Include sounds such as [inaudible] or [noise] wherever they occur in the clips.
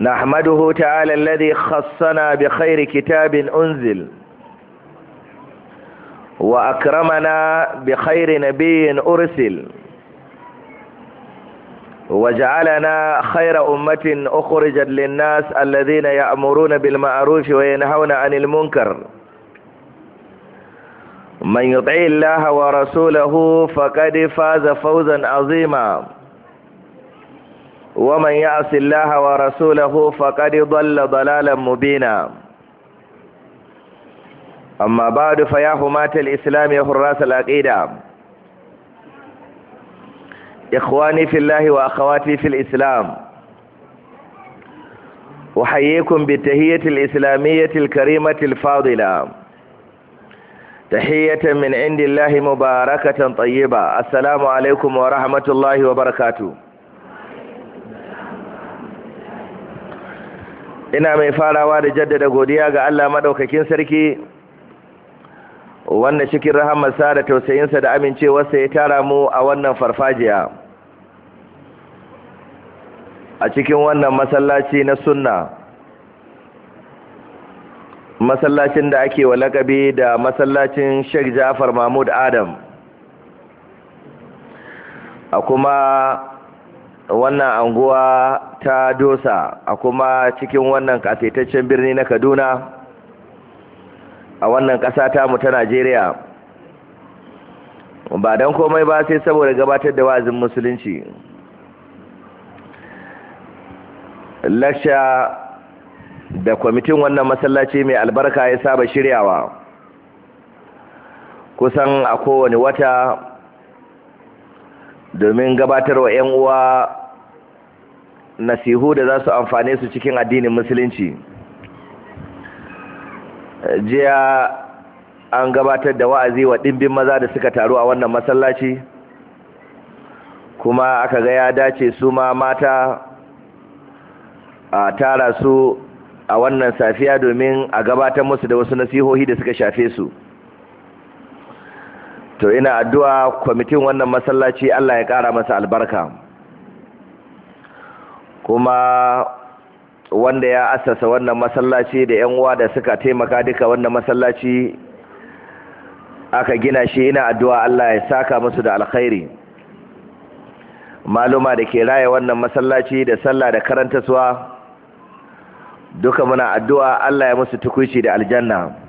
نحمده تعالى الذي خصنا بخير كتاب أنزل وأكرمنا بخير نبي أرسل وجعلنا خير أمة أخرجت للناس الذين يأمرون بالمعروف وينهون عن المنكر من يطع الله ورسوله فقد فاز فوزا عظيما ومن يعص الله ورسوله فقد ضل ضلالا مبينا أما بعد فيا حماة الإسلام يا حراس العقيدة إخواني في الله وأخواتي في الإسلام أحييكم بالتهية الإسلامية الكريمة الفاضلة تحية من عند الله مباركة طيبة السلام عليكم ورحمة الله وبركاته ina mai farawa da jaddada godiya ga Allah madaukakin sarki wanda cikin rahamarsa da tausayinsa da amincewarsa ya tara mu a wannan farfajiya a cikin wannan masallaci na sunna masallacin da ake wa lakabi da masallacin Sheikh Ja'far Mahmud Adam a kuma wannan anguwa ta dosa a kuma cikin wannan kasaitaccen birni na kaduna a wannan ƙasa tamu ta najeriya ba don komai ba sai saboda gabatar da wazin musulunci lasha da kwamitin wannan masallaci mai albarka ya saba shiryawa kusan a kowane wata domin gabatar wa 'yan uwa nasihu da za su amfane su cikin addinin musulunci jiya an gabatar da wa'azi wa ɗimbin maza da suka taru a wannan masallaci kuma aka ga ya dace su ma mata a tara su a wannan safiya domin a gabatar musu da wasu nasihohi da suka shafe su to ina addu'a kwamitin wannan masallaci Allah ya ƙara masa albarka kuma wanda ya asasa wannan masallaci da 'yan uwa da suka taimaka duka wannan masallaci aka gina shi ina addu'a Allah ya saka musu da alkhairi maluma da ke raye wannan masallaci da sallah da karanta suwa duka muna addu'a Allah ya musu tukuci da aljanna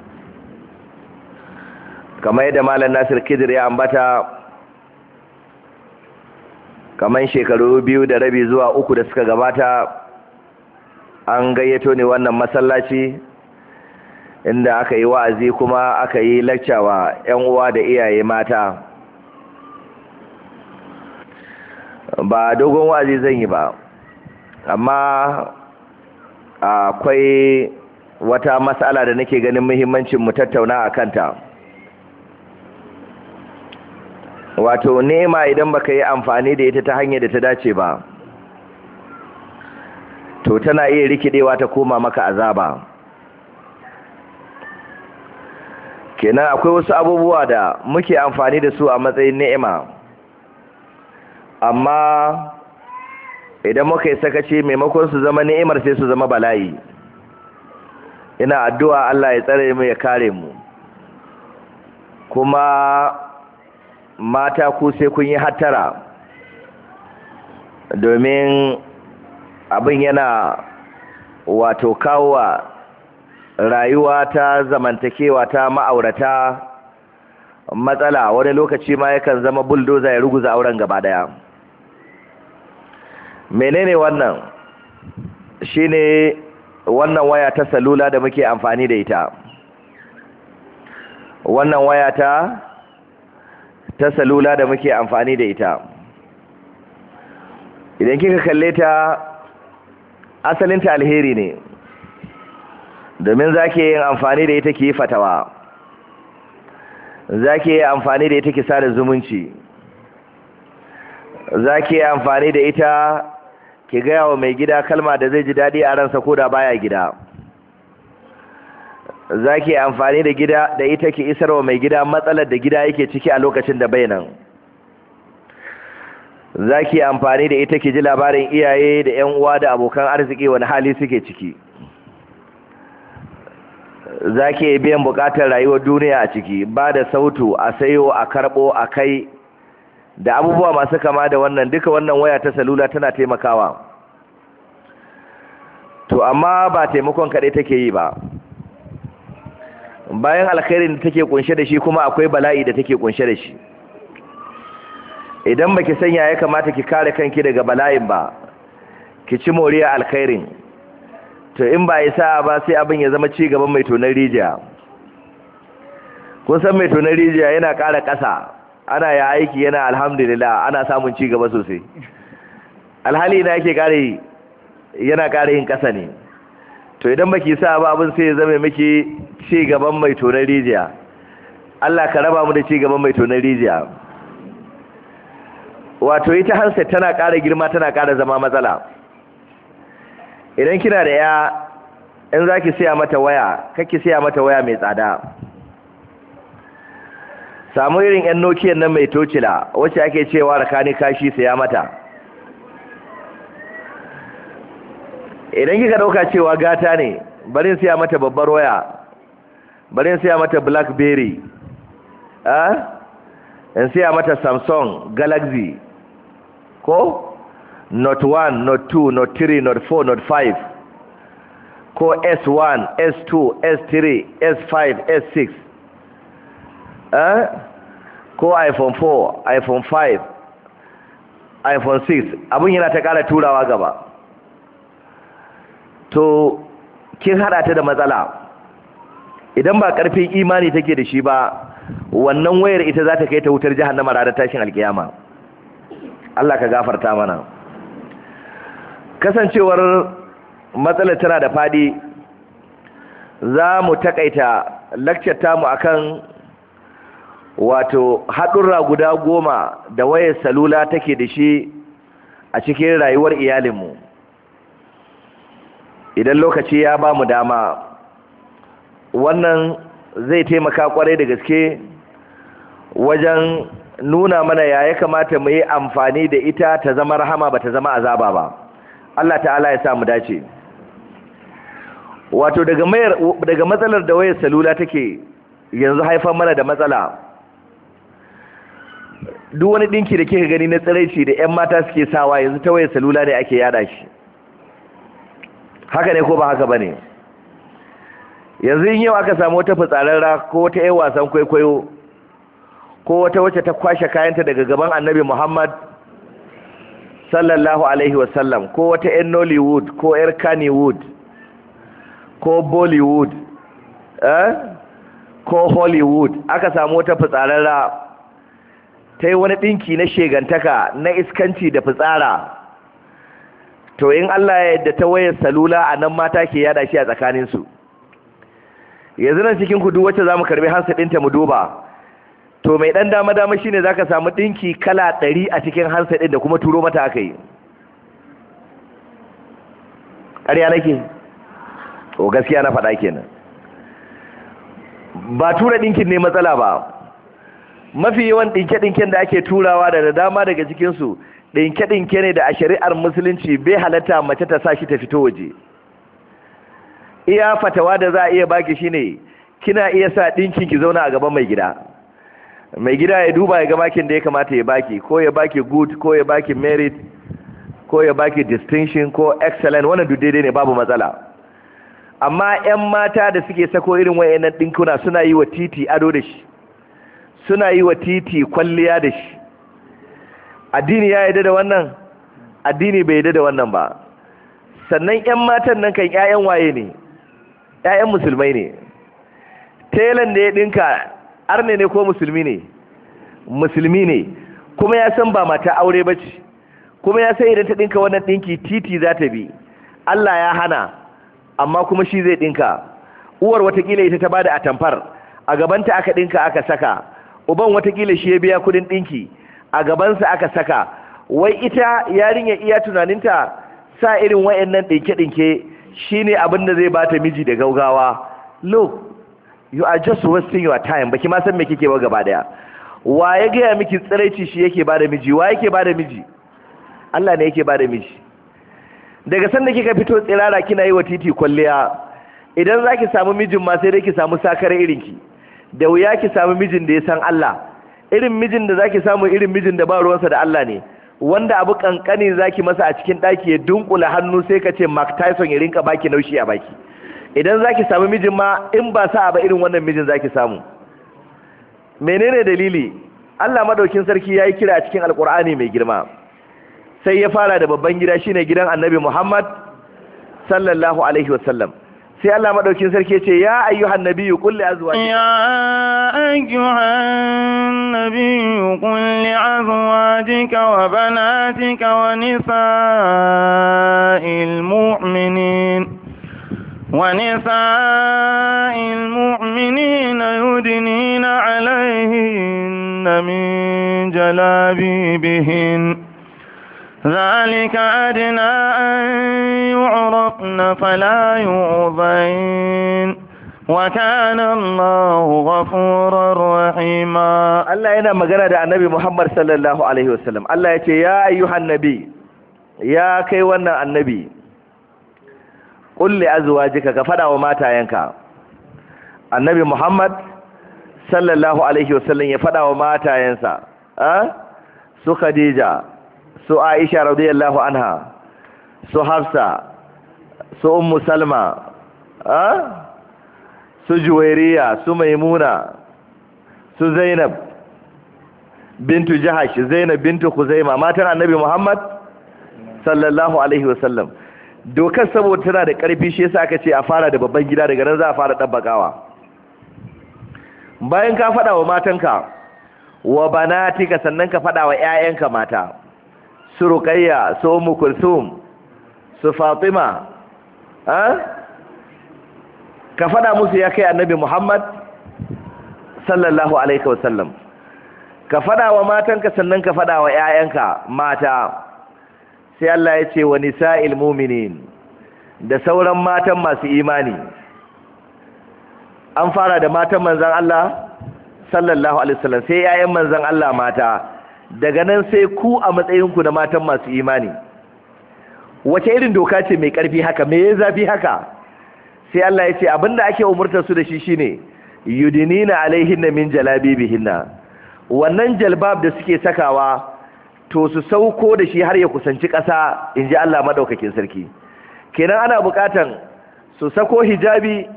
kamar yadda malam nasir kidir ya ambata kamar shekaru biyu da rabi zuwa uku da suka gabata an gayyato ne wannan masallaci inda aka yi wa'azi kuma aka yi laccawa 'yan uwa da iyaye mata ba dogon wa'azi zan yi ba amma akwai wata matsala da nake ganin muhimmancin mu tattauna a kanta wato nema idan baka yi amfani da ita ta hanyar da ta dace ba to tana iya rikidewa ta koma maka azaba kenan akwai wasu abubuwa da muke amfani da su a matsayin ni'ima amma idan muka yi sakaci maimakon su zama ni'imar sai su zama bala'i ina addu'a Allah ya tsare mu ya kare mu kuma mata ku sai kun yi hattara domin abin yana wato kawowa rayuwa ta zamantakewa ta ma'aurata matsala wani lokaci ma yakan zama buldoza ya ruguza auren gaba daya menene wannan shine wannan waya ta salula da muke amfani da ita wannan waya ta ta salula da muke amfani da ita idan kika kalle ta asalinta alheri ne domin za ke yin amfani da ita ki fatawa za ke yi amfani da ita ki sada zumunci za ke yi amfani da ita ki gaya wa mai gida kalma da zai ji daɗi a ransa ko da baya gida za ki amfani da gida da ita ki isarwa mai gida matsalar da gida yake ciki a lokacin da bainan za ki amfani da ita ki ji labarin iyaye da 'yan uwa da abokan arziki wani hali suke ciki za ki biyan bukatar rayuwar duniya a ciki ba da sautu a sayo a karbo a kai da abubuwa masu kama da wannan duka wannan waya ta salula tana taimakawa to amma ba taimakon kaɗai take yi ba bayan alkhairin da take kunshe da shi kuma akwai bala'i da take kunshe da shi idan baki sanya ya kamata ki kare kanki daga bala'in ba ki ci moriya alkhairin to in ba isa ba sai abin ya zama ci gaban mai tonar rijiya kun san mai tonar rijiya yana kara ƙasa ana ya aiki yana alhamdulillah ana samun ci gaba sosai alhali na yake kare yana kare yin kasa ne to idan baki sa ba abin sai ya zama miki ci gaban mai tonar rijiya Allah ka raba mu da ci gaban mai tonar rijiya wato ita hansa tana ƙara girma tana ƙara zama matsala idan kina da ya in za ki siya mata waya kake siya mata waya mai tsada samu irin yan nokiyan nan mai tocila wacce ake cewa rakani kashi siya mata idan kika ɗauka cewa gata ne barin siya mata babbar waya bari in siya mata blackberry ah in siya mata samsung galaxy ko not 1 not 2 not 3 not 4 not 5 ko s1 s2 s3 s5 s6 eh? ko iphone 4 iphone 5 iphone 6 abin yana ta kara turawa gaba to kin hada ta da matsala idan ba karfin imani take da shi ba wannan wayar ita za ta kai ta wutar jahannama ranar tashin alkiyama Allah ka gafarta mana kasancewar matsalar tana da fadi za mu takaita lakcar tamu akan wato haɗura guda goma da wayar salula take da shi a cikin rayuwar iyalinmu idan lokaci ya ba mu dama wannan zai taimaka kwarai da gaske wajen nuna mana ya ya kamata mu yi amfani da ita ta zama rahama ba ta zama azaba ba Allah ta'ala ya samu dace wato daga mayar daga matsalar da wayar salula take yanzu haifar mana da matsala duk wani dinki da kika gani na tsiraici da yan mata suke sawa yanzu ta wayar salula ne ake yada shi haka ne ko ba haka ba ne. yanzu in yau aka samu wata fitsararra ko wata yan wasan kwaikwayo ko wata wacce ta kwashe kayanta daga gaban annabi muhammad sallallahu alaihi wasallam ko wata yan nollywood ko yar kannywood ko bollywood eh? ko hollywood aka samu wata fitsararra ta yi wani ɗinki na shegantaka na iskanci da fitsara to in Allah ya yadda ta wayar salula a nan mata ke yada shi a tsakaninsu yanzu nan cikin ku wacce za mu karbi hansa ɗinta mu duba to mai ɗan dama dama shine zaka samu ɗinki kala ɗari a cikin hansa ɗin da kuma turo mata aka yi ƙarya nake o gaskiya na faɗa kenan ba tura ɗinkin ne matsala ba mafi yawan ɗinke-ɗinken da ake turawa da dama daga cikinsu ɗinke-ɗinke ne da a shari'ar musulunci bai halatta mace ta sa shi ta fito waje iya fatawa da za a iya baki shine kina iya sa ɗinkin ki zauna a gaban mai gida mai gida ya duba ya ga makin da ya kamata ya baki ko ya baki good ko ya baki merit ko ya baki distinction ko excellent wannan duk daidai ne babu matsala amma 'yan mata da suke sako irin wayannan ɗinkuna suna yi wa titi ado da shi suna yi wa titi kwalliya da shi addini ya yarda da wannan addini bai yarda da wannan ba sannan 'yan matan nan kan 'ya'yan waye ne yayan musulmai ne telan da ya dinka arne ne ko musulmi ne musulmi ne kuma ya san ba mata aure ba ce kuma ya san idan ta ɗinka wannan ɗinki titi za ta bi Allah ya hana amma kuma shi zai ɗinka uwar watakila ita ta bada atamfar a gabanta aka ɗinka aka saka uban watakila shi ya biya kudin ɗinki a gabansa aka saka wai ita yarinya iya tunaninta sa irin wayannan ɗinke dinke ne abin da zai bata miji da gaugawa look you are just wasting your time baki ma san me kike ba gaba daya wa ya gaya miki tsiraici shi yake bada miji wa yake bada miji Allah ne yake bada miji daga sanda kika fito tsirara kina yi wa titi kwalliya idan za ki samu mijin ma sai dai ki samu sakar irinki da wuya ki samu mijin da ya san Allah irin mijin da za ki samu irin mijin da ba ruwansa da Allah ne wanda abu kankani zaki masa a cikin daki ya dunkula hannu sai ka ce Mark Tyson ya rinka baki naushi a baki idan zaki samu mijin ma in ba sa ba irin wannan mijin zaki samu menene dalili Allah madaukin sarki ya yi kira a cikin alkur'ani mai girma sai ya fara da babban gida shine gidan Annabi Muhammad sallallahu alaihi wasallam sai Allah madaukin sarki ce ya ayyuhan nabiyu qul li azwajika ya ayyuhan nabiyyu qul li azwajika wa banatika wa nisa'il mu'minin ونساء المؤمنين يدنين عليهن ذلك أدنى أن يعرفن فلا يؤذين وكان الله غفورا رحيما الله yana magana da annabi Muhammad sallallahu alaihi wasallam Allah yace ya ayyuhan ya kai wannan annabi qul li azwajika ka fada matayenka annabi Muhammad sallallahu alaihi wasallam ya faɗawa wa matayensa su Khadija su aisha radiyallahu anha su hafsa su ummu salma su juwairiya su maimuna su zainab bintu jahash zainab bintu khuzaima matan annabi muhammad sallallahu alaihi wasallam dokar saboda tana da karfi shi yasa aka ce a fara da babban gida daga nan za a fara dabbakawa bayan ka faɗa wa matanka wa banatika sannan ka faɗa wa 'ya'yanka mata su Rukayya su Umu kulthum su fatima ka fada musu ya kai annabi muhammad sallallahu alaihi wasallam ka fada wa matanka sannan ka fada wa 'ya'yanka mata sai Allah ya ce wa nisa mu'minin da sauran matan masu imani an fara da matan manzan Allah sallallahu alaihi wasallam sai 'ya'yan manzan Allah mata daga nan sai ku a matsayinku na matan masu imani wace irin doka ce mai ƙarfi haka me ya zafi haka sai Allah ya ce abinda ake umurta su da shi shine yudinina alaihinna min jalabibihinna wannan jalbab da suke sakawa to su sauko da shi har ya kusanci ƙasa in ji Allah maɗaukakin sarki kenan ana buƙatan su sako hijabi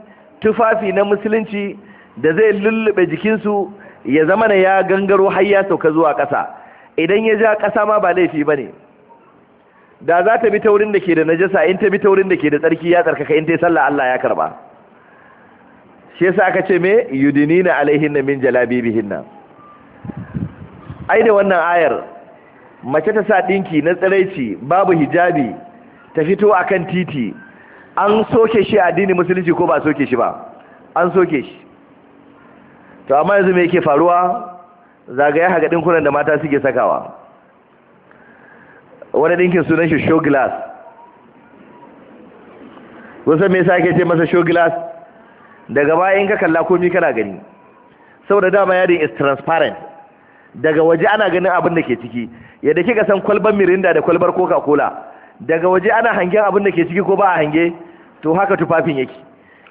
tufafi na musulunci da zai lullube jikinsu ya zama na ya gangaro har ya sauka zuwa ƙasa idan ya ja ƙasa ma ba laifi ba ne da za ta bi taurin da ke da najasa in ta bi taurin da ke da tsarki ya tsarkaka in ta yi sallah Allah ya karba shi yasa aka ce me yudinina alaihinna min nan. ai da wannan ayar mace ta sa dinki na tsiraici babu hijabi ta fito akan titi an soke shi addinin musulunci ko ba soke shi ba an soke shi to amma yanzu me yake faruwa zagaya haka kunan da mata suke sakawa wani dinkin sunan shi show glass wasu me yasa ake ce masa show glass daga baya ka kalla komi kana gani saboda dama yadin is transparent daga waje ana ganin abin da ke ciki yadda kika san kwalbar mirinda da kwalbar coca-cola daga waje ana hangen abin da ke ciki ko ba a hange to haka tufafin yake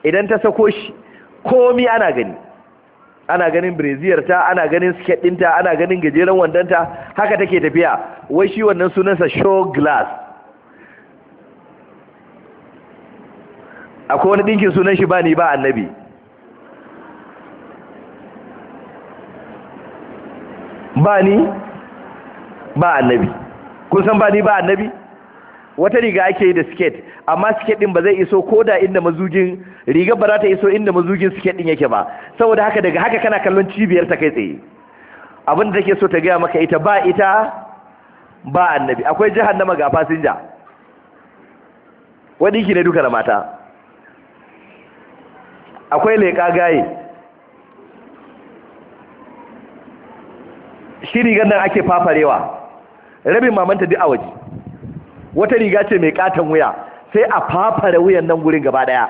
idan ta sako shi komi ana gani ana ganin breziyar ta ana ganin skirt ɗinta ana ganin gajeren wandanta haka take tafiya wai shi wannan sunansa show glass akwai wani ɗinkin sunan shi ba ni ba annabi ba ni ba annabi kun san ba ni ba annabi wata riga ake yi da siket amma siket din ba zai iso ko da inda mazugin riga ba za ta iso inda mazugin siket din yake ba saboda haka daga haka kana kallon cibiyar ta kai tsaye abin da take so ta gaya maka ita ba ita ba annabi akwai jahannama ga fasinja wani ki ne duka da mata akwai leƙa gaye shi rigar nan ake fafarewa rabin mamanta duk a waje wata riga ce mai katon wuya sai a fafara wuyan nan gurin gaba daya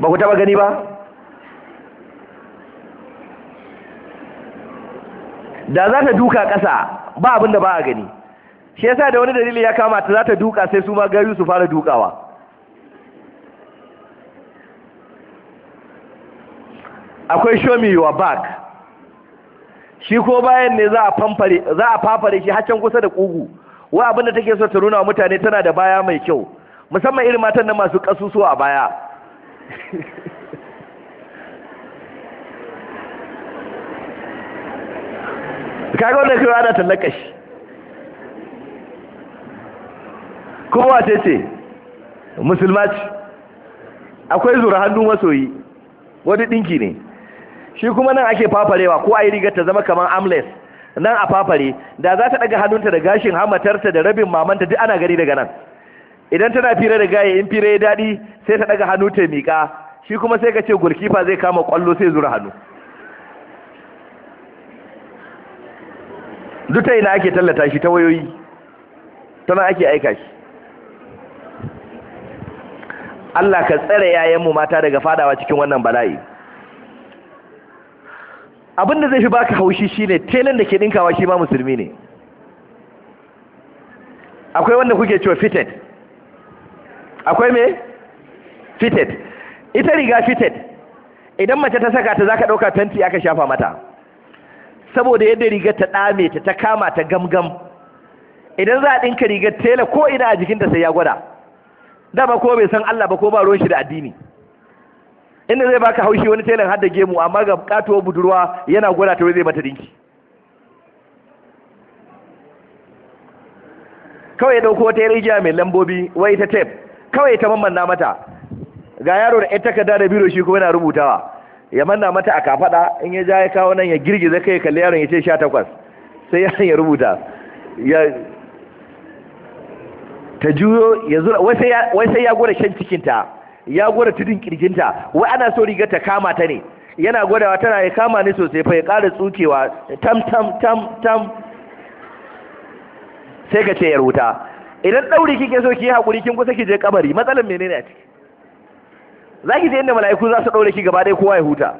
ba ku taba gani ba da za ta duka ƙasa ba abin da ba a gani shi yasa da wani dalili ya kama ta za ta duka sai su ma gari su fara dukawa akwai show me your shi ko bayan ne za a fafare shi haccan kusa da ƙugu wa abin da take so ta nuna wa mutane tana da baya mai kyau musamman irin matan nan masu kasusuwa a baya [laughs] kaga wannan kira ana tallaka shi kuma wace ce musulma ce akwai zura hannu masoyi wani dinki ne shi kuma nan ake fafarewa ko a yi rigar ta zama kamar amles nan a fafare da za ta daga hannunta da gashin hamatarta da rabin mamanta duk ana gari daga nan idan tana fira da gaye in fira ya daɗi sai ta daga hannu ta miƙa shi kuma sai ka ce gulkifa zai kama ƙwallo sai zura hannu duk ta ina ake tallata shi ta wayoyi ta nan ake aika shi Allah ka tsare yayanmu mata daga fadawa cikin wannan bala'i abin da zai fi baka haushi shi ne telan da ke dinkawa shi ma musulmi ne akwai wanda kuke cewa fitted akwai me fitted ita riga fitted idan mace ta saka ta zaka ɗauka tanti aka shafa mata saboda yadda rigar ta dame ta ta kama ta gamgam idan za a dinka rigar tela ko ina a jikinta sai ya gwada dama ko bai san Allah ba ko ba ruwan shi da addini inda zai baka haushi wani telan hada gemu amma ga katuwar budurwa yana gwada ta zai mata dinki kawai ya dauko wata rigiya mai lambobi wai ta tape kawai ta mamanna mata ga yaro da ita takarda da biro shi kuma yana rubutawa ya manna mata a kafada in ya ja ya kawo nan ya zaka kai kalli yaron ya ce sha takwas sai yaron ya rubuta ya ta juyo ya zura wai sai ya gwada shan cikinta ya gwada tudun kirginta wai ana so rigar ta kama ta ne yana gwadawa tana ya kama ne sosai fa ya ƙara tsukewa tam tam tam tam sai ka ce ya ruta idan ɗauri kike so ki yi haƙuri kin kusa ki je kabari matsalar menene a ciki za ki je inda mala'iku za su ɗaure ki gaba ɗaya kowa ya huta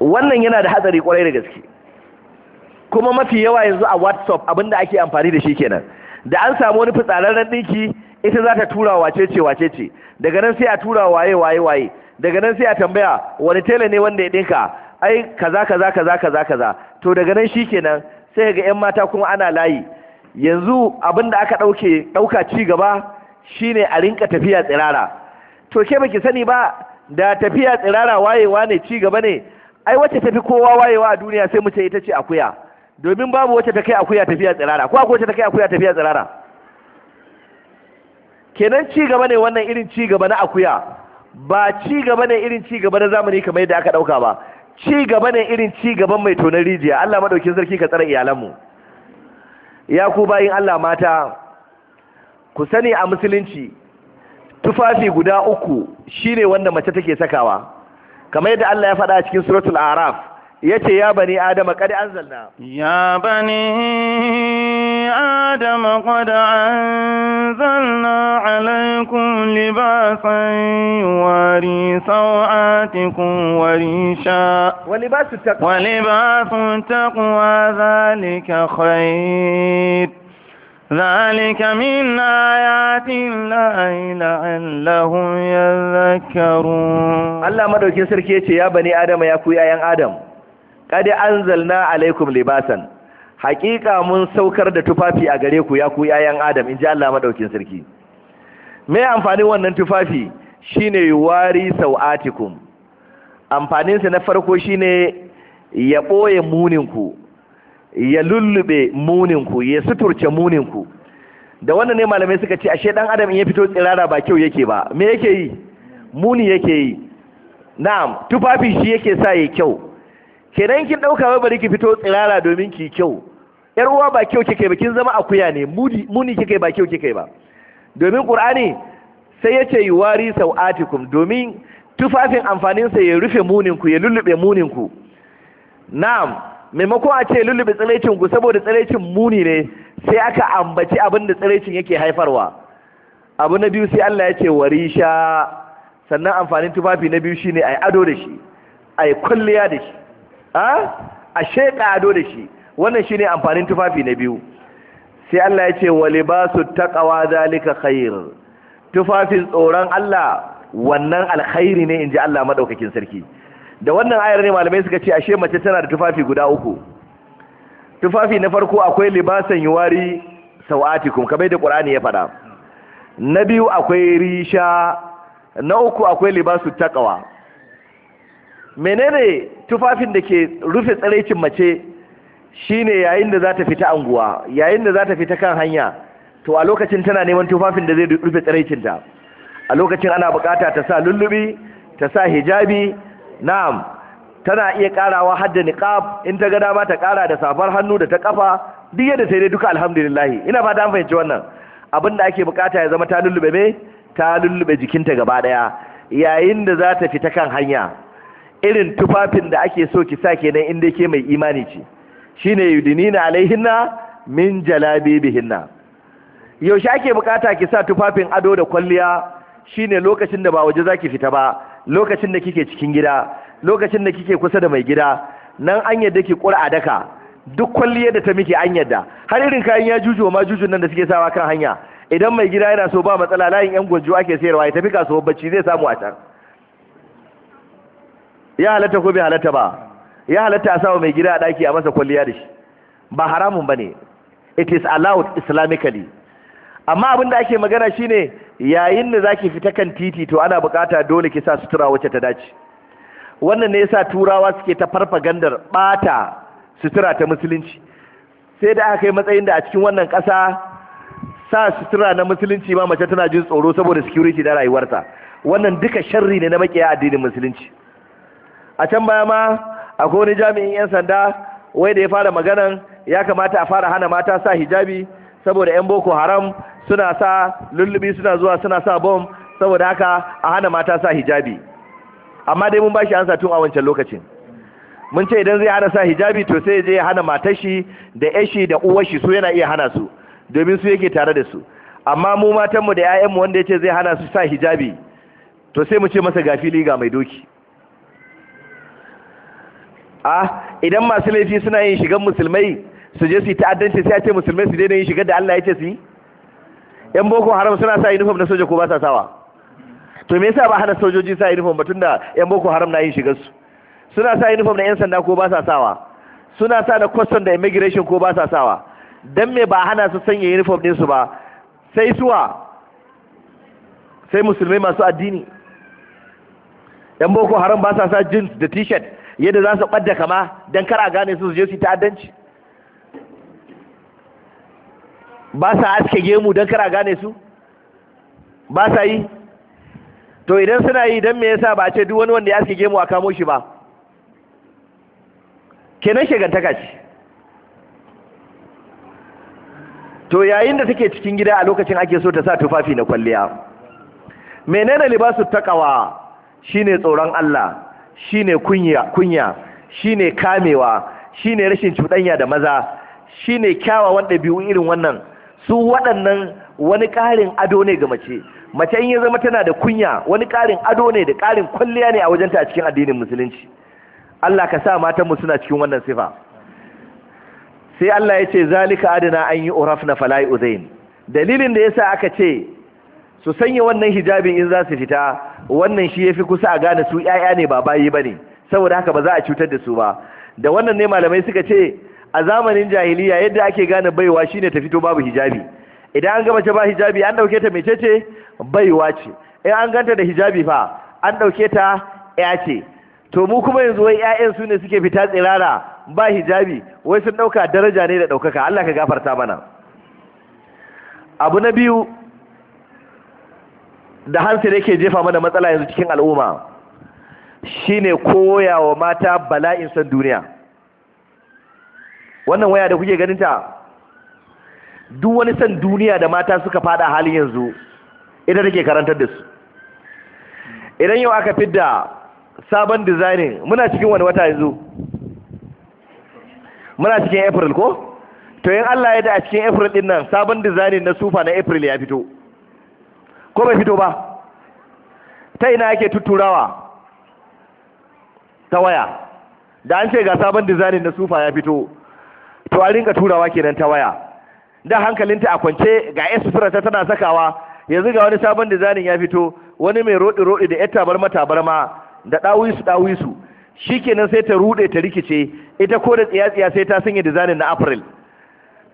wannan yana da hatsari kwarai da gaske kuma mafi yawa yanzu a whatsapp abinda ake amfani da shi kenan da an samu wani fitsararren ɗinki ita za ta tura wace ce wace ce daga nan sai a tura waye waye waye daga nan sai a tambaya wani tela ne wanda ya ɗinka ai kaza kaza kaza kaza kaza to daga nan shikenan sai ga yan mata kuma ana layi yanzu abin da aka ɗauke ɗauka ci gaba shine a rinka tafiya tsirara to ke baki sani ba da tafiya tsirara wayewa ne ci gaba ne ai wacce tafi kowa wayewa a duniya sai mu ce ita ce akuya domin babu wacce ta kai akuya tafiya tsirara ko akwai wacce ta kai akuya tafiya tsirara kenan ci gaba ne wannan irin ci gaba na akuya ba ci gaba ne irin ci gaba na zamani kamar yadda aka dauka ba ci gaba ne irin ci gaban mai tonar rijiya Allah madaukin sarki ka tsare iyalanmu ya ku bayin Allah mata ku sani a musulunci tufafi guda uku shine wanda mace take sakawa kamar yadda Allah ya faɗa a cikin suratul araf yace ya bani adama an anzalna ya bani adama an anzalna alaykum libasan yuwari sawatikum wa risha wa libasu taqwa wa libasu taqwa zalika khair ذلك من آيات الله لعلهم يذكرون الله ما دوكين سركي يا بني آدم يا كوي آيان Adam. qad anzalna alaikum libasan haƙiƙa mun saukar da tufafi a gare ku ya ku yayan adam inji Allah madaukin sarki me amfanin wannan tufafi shine yuwari sau'atikum amfanin sa na farko shine ya boye munin ku ya lullube munin ya suturce munin da wannan ne malamai suka ce ashe dan adam in ya fito tsirara ba kyau yake ba me yake yi muni yake yi na'am tufafi shi yake sa ya kyau kenan kin dauka wai bari ki fito tsirara domin ki kyau yar uwa ba kyau kike ba kin zama akuya ne muni kike ba kyau kike ba domin qur'ani sai yace yuwari sau'atikum domin tufafin amfanin ya rufe muninku, ya lullube muninku. ku na'am maimakon a ce lullube tsiraicin ku saboda tsiraicin muni ne sai aka ambaci abin da tsiraicin yake haifarwa abu na biyu sai Allah ya ce wari sha. sannan amfanin tufafi na biyu shine ai ado da shi ai kwalliya da shi a sheƙa ado da shi wannan shine amfanin tufafi na biyu sai Allah ya ce wa libasu taqwa zalika khair tufafin tsoron Allah wannan alkhairi ne in inji Allah madaukakin sarki da wannan ayar ne malamai suka ce ashe mace tana da tufafi guda uku tufafi na farko akwai libasan yuwari sawatikum kamar da Qur'ani ya faɗa na biyu akwai risha na uku akwai libasu taqwa menene tufafin da ke rufe tsaraicin mace shine yayin da za ta fita anguwa yayin da za ta fita kan hanya to a lokacin tana neman tufafin da zai rufe tsaraicinta. a lokacin ana bukata ta sa lullubi ta sa hijabi na'am tana iya karawa hadda niqab in ta ga dama ta kara da safar hannu da ta kafa duk yadda sai dai duka alhamdulillah ina fata an fahimci wannan abin da ake bukata ya zama ta lullube me ta lullube jikinta gaba daya yayin da za ta fita kan hanya irin tufafin da ake so ki sa kenan inda ke mai imani ce shine yudinina alaihinna min jalabibihinna yaushe ake bukata ki sa tufafin ado da kwalliya shine lokacin da ba waje zaki fita ba lokacin da kike cikin gida lokacin da kike kusa da mai gida nan an yadda ki ƙura daka duk kwalliyar da ta miki an yadda har irin kayan ya juju ma jujun nan da suke sawa kan hanya idan mai gida yana so ba matsala layin yan gwanjo ake sayarwa ya tafi kasuwar bacci zai samu a can ya halatta ko bai halatta ba ya halatta a sawa mai gida a daki a masa kwalliya da shi ba haramun bane it is allowed islamically amma abin da ake magana shine yayin da zaki fita kan titi to ana bukata dole ki sa sutura wacce ta dace wannan ne yasa turawa suke ta farfagandar bata sutura ta musulunci sai da aka kai matsayin da a cikin wannan kasa sa sutura na musulunci ma mace tana jin tsoro saboda security da rayuwarta wannan duka sharri ne na makiya addinin musulunci a can baya ma akwai wani jami'in 'yan sanda wai da ya fara maganan ya kamata a fara hana mata sa hijabi saboda 'yan boko haram suna sa lullubi suna zuwa suna sa bom saboda haka a hana mata sa hijabi amma dai mun bashi ansa tun a wancan lokacin mun ce idan zai hana sa hijabi to sai je ya hana matar shi da yashi da uwar shi su yana iya hana su domin su yake tare da su amma mu matanmu da 'ya'yanmu wanda ya ce zai hana su sa hijabi to sai mu ce masa gafili ga mai doki a idan masu laifi suna yin shigan musulmai su je su ta'addanci sai a ce musulmai su daina yin shigar da Allah ya ce su yi yan boko haram suna sa uniform na soja ko ba sa sawa to me yasa ba hana sojoji sa uniform ba tunda yan boko haram na yin shigar su suna sa uniform na yan sanda ko ba sa sawa suna sa na custom da immigration ko ba sa sawa dan me ba hana su sanya uniform din su ba sai suwa sai musulmai masu addini yan boko haram ba sa sa jeans da t-shirt yadda za su ɓadda kama don kar a gane su su je su ta'addanci ba sa aske gemu don kar a gane su ba sa yi to idan suna yi don me yasa ba a ce duk wani wanda ya aske gemu a kamo shi ba kenan shagantaka ce to yayin da take cikin gida a lokacin ake so ta sa tufafi na kwalliya menene libasu takawa shine tsoron Allah shine kunya kunya shine kamewa shine rashin cuɗanya da maza shine wanda ɗabi'u irin wannan su waɗannan wani ƙarin ado ne ga mace mace in ya zama tana da kunya wani ƙarin ado ne da ƙarin kwalliya ne a wajenta a cikin addinin musulunci Allah ka sa matanmu suna cikin wannan sifa sai Allah ya ce zalika adana an yi urafna fala'i uzain dalilin da yasa aka ce su sanya wannan hijabin in za su fita wannan shi ya fi kusa a gane su 'ya'ya ne ba bayi ne saboda haka ba za a cutar da su ba da wannan ne malamai suka ce a zamanin jahiliya yadda ake gane baiwa shine ta fito babu hijabi idan an ga mace ba hijabi an ɗauke ta ce baiwa ce in an ganta da hijabi fa an ɗauke ta ya ce to mu kuma yanzu wai 'ya'yan su ne suke fita tsirara ba hijabi wai sun ɗauka daraja ne da ɗaukaka. Allah ka gafarta mana abu na biyu da da yake jefa mana matsala yanzu cikin al'umma shine koya wa mata bala'in san duniya wannan waya da kuke ganinta duk wani san duniya da mata suka fada halin yanzu ita take karantar da su idan yau aka fidda sabon designing muna cikin wani wata yanzu muna cikin april ko to yin allah ya da a cikin april din nan sabon designing na sufa na april ya fito ko bai fito ba ta ina yake tutturawa ta waya da an ce ga sabon dizanin na sufa ya fito to a rinka turawa kenan ta waya da hankalinta a kwance ga esfira ta tana sakawa yanzu ga wani sabon dizanin ya fito wani mai rodi rodi da yatta tabarma tabarma da dawisu shi kenan sai ta ruɗe ta rikice ita ko da tsiya tsiya sai ta sanya dizanin na april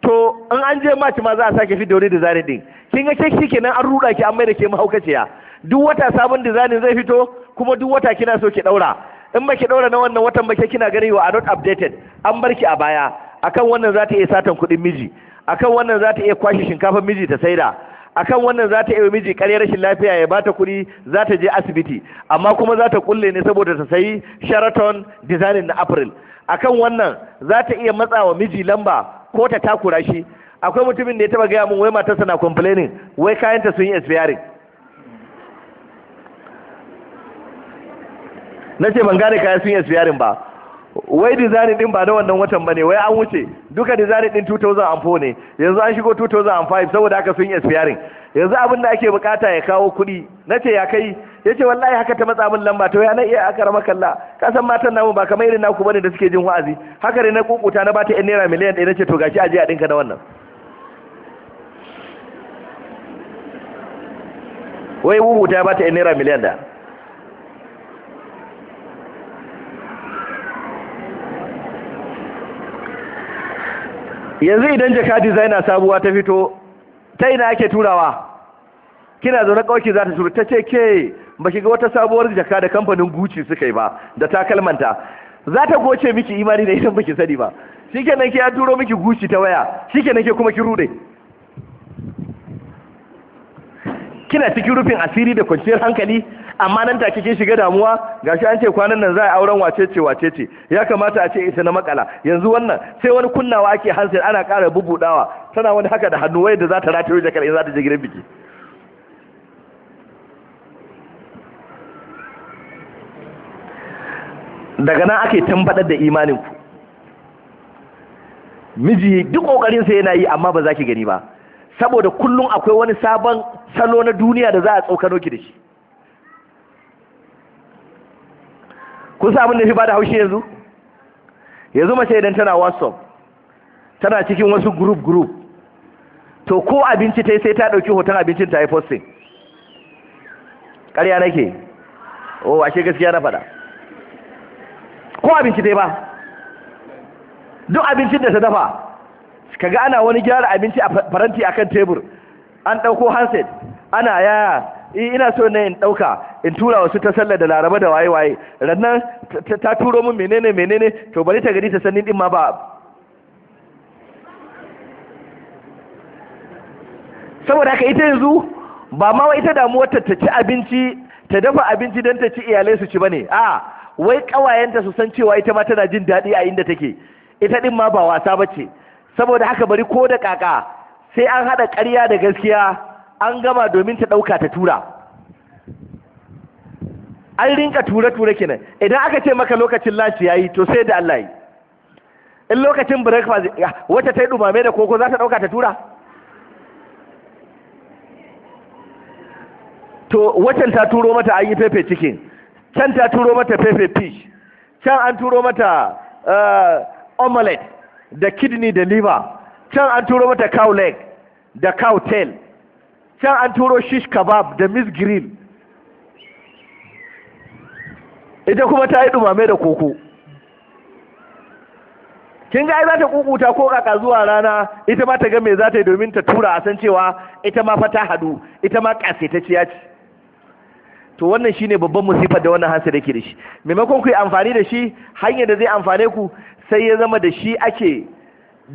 to in an je mace ma za a sake fi da wani dizanin ɗin. kin ga ke nan an ruda ki an mai da ke mahaukaciya duk wata sabon design zai fito kuma duk wata kina so ki daura in ba ki daura na wannan watan ba ke kina gani wa not updated an bar ki a baya akan wannan za iya satan kudin miji akan wannan za iya kwashe shinkafa miji ta saida akan wannan za ta iya miji kare rashin lafiya ya bata kuɗi za ta je asibiti amma kuma za ta kulle ne saboda ta sayi sheraton designing na april akan wannan zata ta iya matsawa miji lamba ko ta takura shi akwai mutumin da ya taba gaya mun wai matarsa na complaining wai kayanta sun yi expiring na ce ban gane kayan sun yi expiring ba wai design din ba na wannan watan bane wai an wuce duka design din 2004 ne yanzu an shigo 2005 saboda haka sun yi expiring yanzu abin da ake bukata ya kawo kuɗi na ce ya kai ya ce wallahi haka ta matsa min lamba to ya na iya aka rama kalla ka san matan namu ba kamar irin naku bane da suke jin wa'azi haka ne na kukuta na bata yan naira miliyan ɗaya na ce to gashi aje a ɗinka na wannan wai ba ta yi naira miliyan da yanzu idan jaka designer sabuwa ta fito ta ina ake turawa kina zaune kawai za ta turu ta ce ke ba shiga wata sabuwar jaka da kamfanin guci suka yi ba da takalmanta za ta goce miki imani da idan baki sani ba shi ke ya turo miki guci ta waya shikenan ke kuma ki rude kina cikin rufin asiri da kwanciyar hankali amma nan take kin shiga damuwa gashi an ce kwanan nan za a auren wacece wacece ya kamata a ce ita na makala yanzu wannan sai wani kunnawa ake hansir ana ƙara bubudawa tana wani haka da hannu wayar da za ta rataye jakar in za ta je gidan biki daga nan ake tambadar da imaninku miji duk kokarin sa yana yi amma ba za ki gani ba saboda kullum akwai wani sabon salo na duniya da za a tsokano ki da shi kun samun abin da fi ba da haushi yanzu yanzu mace idan tana whatsapp tana cikin wasu group group to ko abinci ta yi sai ta ɗauki hoton abincin ta yi posting ƙarya nake o ashe gaskiya na faɗa ko abinci ta yi ba duk abincin da ta dafa kaga ana wani gyara abinci a faranti akan tebur an ɗauko hanset ana yaya ina so ne in ɗauka in tura wasu ta sallar da laraba da waye-waye rannan ta turo min menene menene to bari ta gani ta sannin din ma ba saboda haka ita yanzu ba ma wa ita damuwar ta ci abinci ta dafa abinci don ta ci iyalai su ci bane a wai kawayenta su san cewa ita ma tana jin daɗi a inda take ita din ma ba wasa ba ce saboda haka bari ko da kaka sai an haɗa ƙarya da gaskiya an gama domin ta ɗauka ta tura an rinka tura ke kenan idan aka ce maka lokacin lunch yi to sai da Allah yi in lokacin breakfast wacce ta yi ɗumame da koko za ta ɗauka ta tura to waccan ta turo mata an yi pepe cikin can ta turo mata pepe fish can an turo mata eh, omelette da kidney da liver can an turo mata cow leg da cowtail can an turo shish kebab da miss green ita kuma ta yi dumame da koko kin ga ai za ta kukuta ko kaka zuwa rana ita ma ta ga me za ta yi domin ta tura a san cewa ita ma fa hadu ita ma ta ce to wannan shine babban musifar da wannan hansa da ke da shi maimakon ku yi amfani da shi hanyar da zai amfane ku sai ya zama da shi ake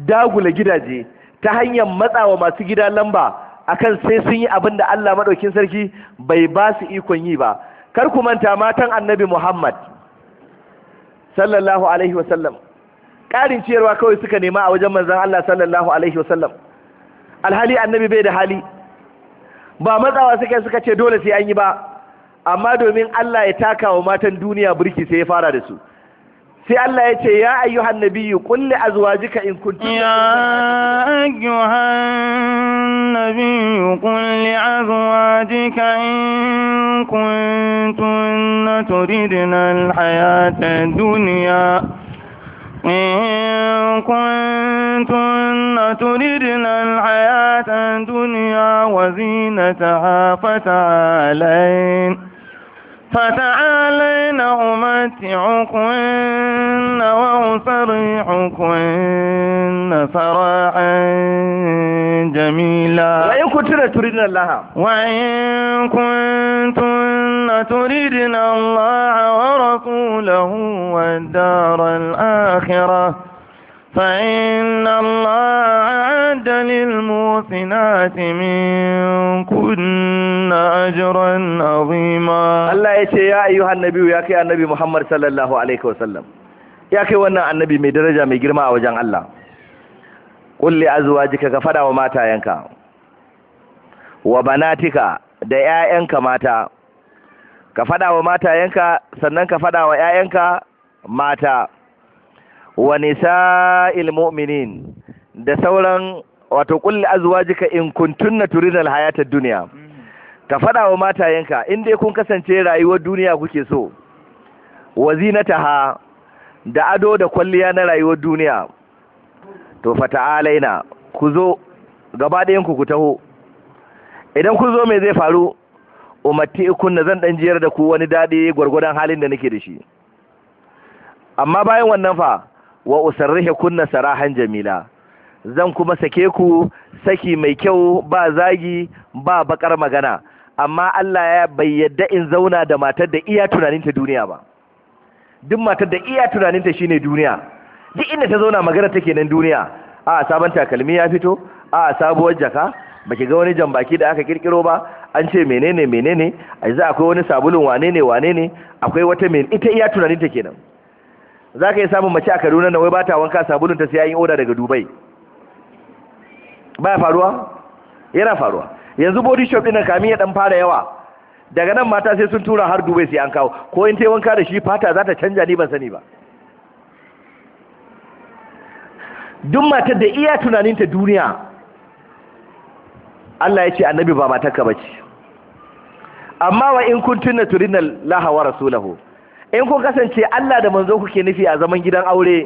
dagula gidaje ta hanyar matsawa masu gida lamba akan sai sun yi abin da Allah maɗaukin sarki bai ba su ikon yi ba kar ku manta matan annabi Muhammad sallallahu alaihi wasallam ƙarin ciyarwa kawai suka nema a wajen manzon Allah sallallahu alaihi wasallam alhali annabi bai da hali ba matsawa suka suka ce dole sai an yi ba amma domin Allah ya taka wa matan duniya burki sai ya fara da su سي الله يا أيها النبي قل لأزواجك إن كنت يا أيها النبي قل لأزواجك إن كنتن تريدن الحياة الدنيا إن كنتن تريدن الحياة الدنيا وزينتها فتعالين فتعالين أمتعكن وأسرحكن سراحا جميلا وإن كنتن تريدن الله وإن كنتن تريدن الله ورسوله والدار الآخرة فإن الله عاد للموثنات من كن أجرا عظيما الله يتي يا أيها النبي يا كي النبي محمد صلى الله عليه وسلم يا كي وانا النبي من درجة من جرمى وجن الله قل لأزواجك كفدا وما تاينك وبناتك da ‘ya'yanka mata, ka faɗa ينكا matayenka فدا ka faɗa wa ‘ya'yanka mata’ wa nisa'il mu'minin da sauran wato kulli azwajika in kuntunna turidal hayatad dunya ka fada wa matayenka in dai kun kasance rayuwar duniya kuke so wa zinataha da ado da kwalliya na rayuwar duniya to fata'alaina ku zo gaba ku ku taho idan ku zo me zai faru umatti kunna zan dan jiyar da ku wani daɗi gwargwadon halin da nake da shi amma bayan wannan fa wa usarrihi kunna sarahan jamila zan kuma sake ku saki mai kyau ba zagi ba bakar magana amma Allah ya bai yadda in zauna da matar da iya tunaninta duniya ba duk matar da iya tunaninta shine duniya duk inda ta zauna magana take nan duniya a sabon takalmi ya fito a sabuwar jaka baki ga wani jambaki da aka kirkiro ba an ce menene menene a akwai wani sabulun wane ne wane ne akwai wata men ita iya tunaninta kenan za ka yi samun mace a kaduna na wai ba ta wanka sabulun ta sai yi oda daga dubai baya faruwa yana faruwa yanzu body shop ɗin kami ya ɗan fara yawa daga nan mata sai sun tura har dubai sai an kawo ko in ta wanka da shi fata za ta canja ni ban sani ba duk matar da iya tunaninta duniya Allah ya ce annabi ba matarka ce amma wa in kun turinna na lahawara rasulahu in kun kasance Allah da manzo kuke nufi a zaman gidan aure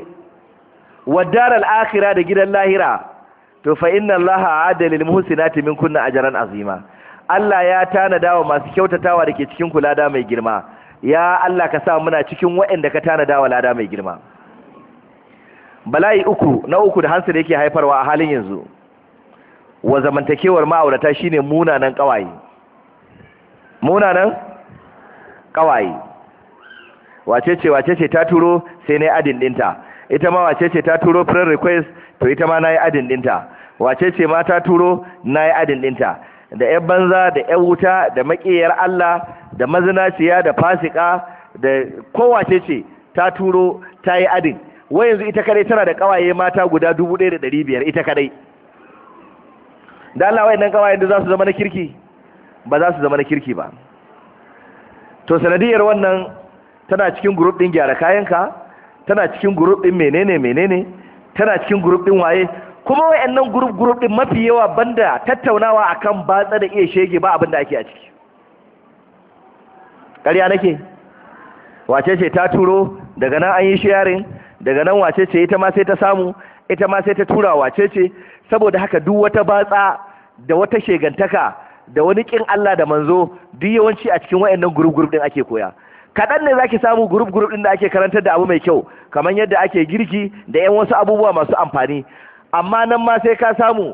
waddar al-akhirah da gidan lahira to fa inna Allah a'ada lil kunna minkunna ajran azima Allah ya tanada wa masu kyautatawa da ke cikin kula da mai girma ya Allah ka sa muna cikin waɗanda ka tanada wa lada mai girma bala'i uku na uku da hansu da yake haifarwa a halin yanzu wa zamantakewar ma'aurata shine munanan ƙawaye. munanan kawaye wace ce wace ce ta turo sai na adin dinta ita ma wace ce ta turo prayer request to ita ma na yi adin dinta wace ce ma ta turo na yi adin dinta da yan banza da yan wuta da makiyar Allah da mazinaciya da fasika da kowace ce ta turo ta yi adin wai yanzu ita kadai tana da kawaye mata guda dubu ɗaya da ɗari biyar ita kadai da Allah nan kawaye da za su zama na kirki ba za su zama na kirki ba to sanadiyar wannan tana cikin group ɗin gyara kayanka tana cikin group din menene menene tana cikin group ɗin waye kuma wayannan group group ɗin mafi yawa banda tattaunawa akan batsa da iya shege ba abin da ake a ciki ƙarya nake wace ce ta turo daga nan an yi sharing daga nan wace ce ita ma sai ta samu ita ma sai ta tura wace ce saboda haka duk wata batsa da wata shegantaka da wani ƙin Allah da manzo duk yawanci a cikin wayannan group group din ake koya kaɗan ne ki samu group group ɗin da ake karantar da abu mai kyau kamar yadda ake girki da yan wasu abubuwa masu amfani amma nan ma sai ka samu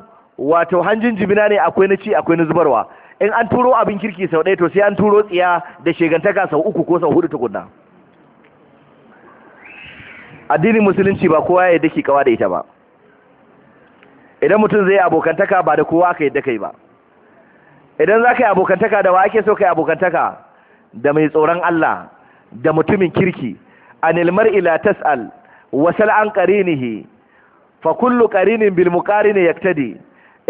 wato hanjin jimina ne akwai na ci akwai na zubarwa in an turo abin kirki sau ɗaya to sai an turo tsiya da shegantaka sau uku ko sau hudu tukunna addinin musulunci ba kowa ya daki kawa da ita ba idan mutum zai abokantaka ba da kowa aka yadda kai ba idan za ka yi abokantaka da wa ake so ka yi abokantaka da mai tsoron Allah da mutumin kirki anil mar'i la tas'al wasal an qarinihi fa kullu qarinin bil muqarini yaktadi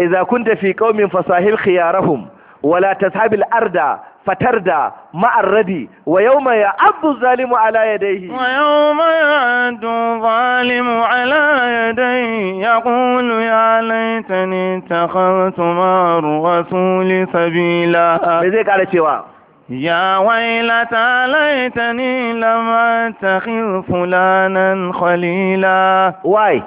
idza kunta fi qaumin fasahil khiyarahum wala tashabil arda fatarda ma'arradi wa yawma ya'addu zalimu ala yadayhi wa yawma ya'addu zalimu ala yadayhi yaqulu ya laitani takhartu ma'ar rasuli sabila me zai kara cewa يا ويلتى ليتني لم أتخذ فلانا خليلا واي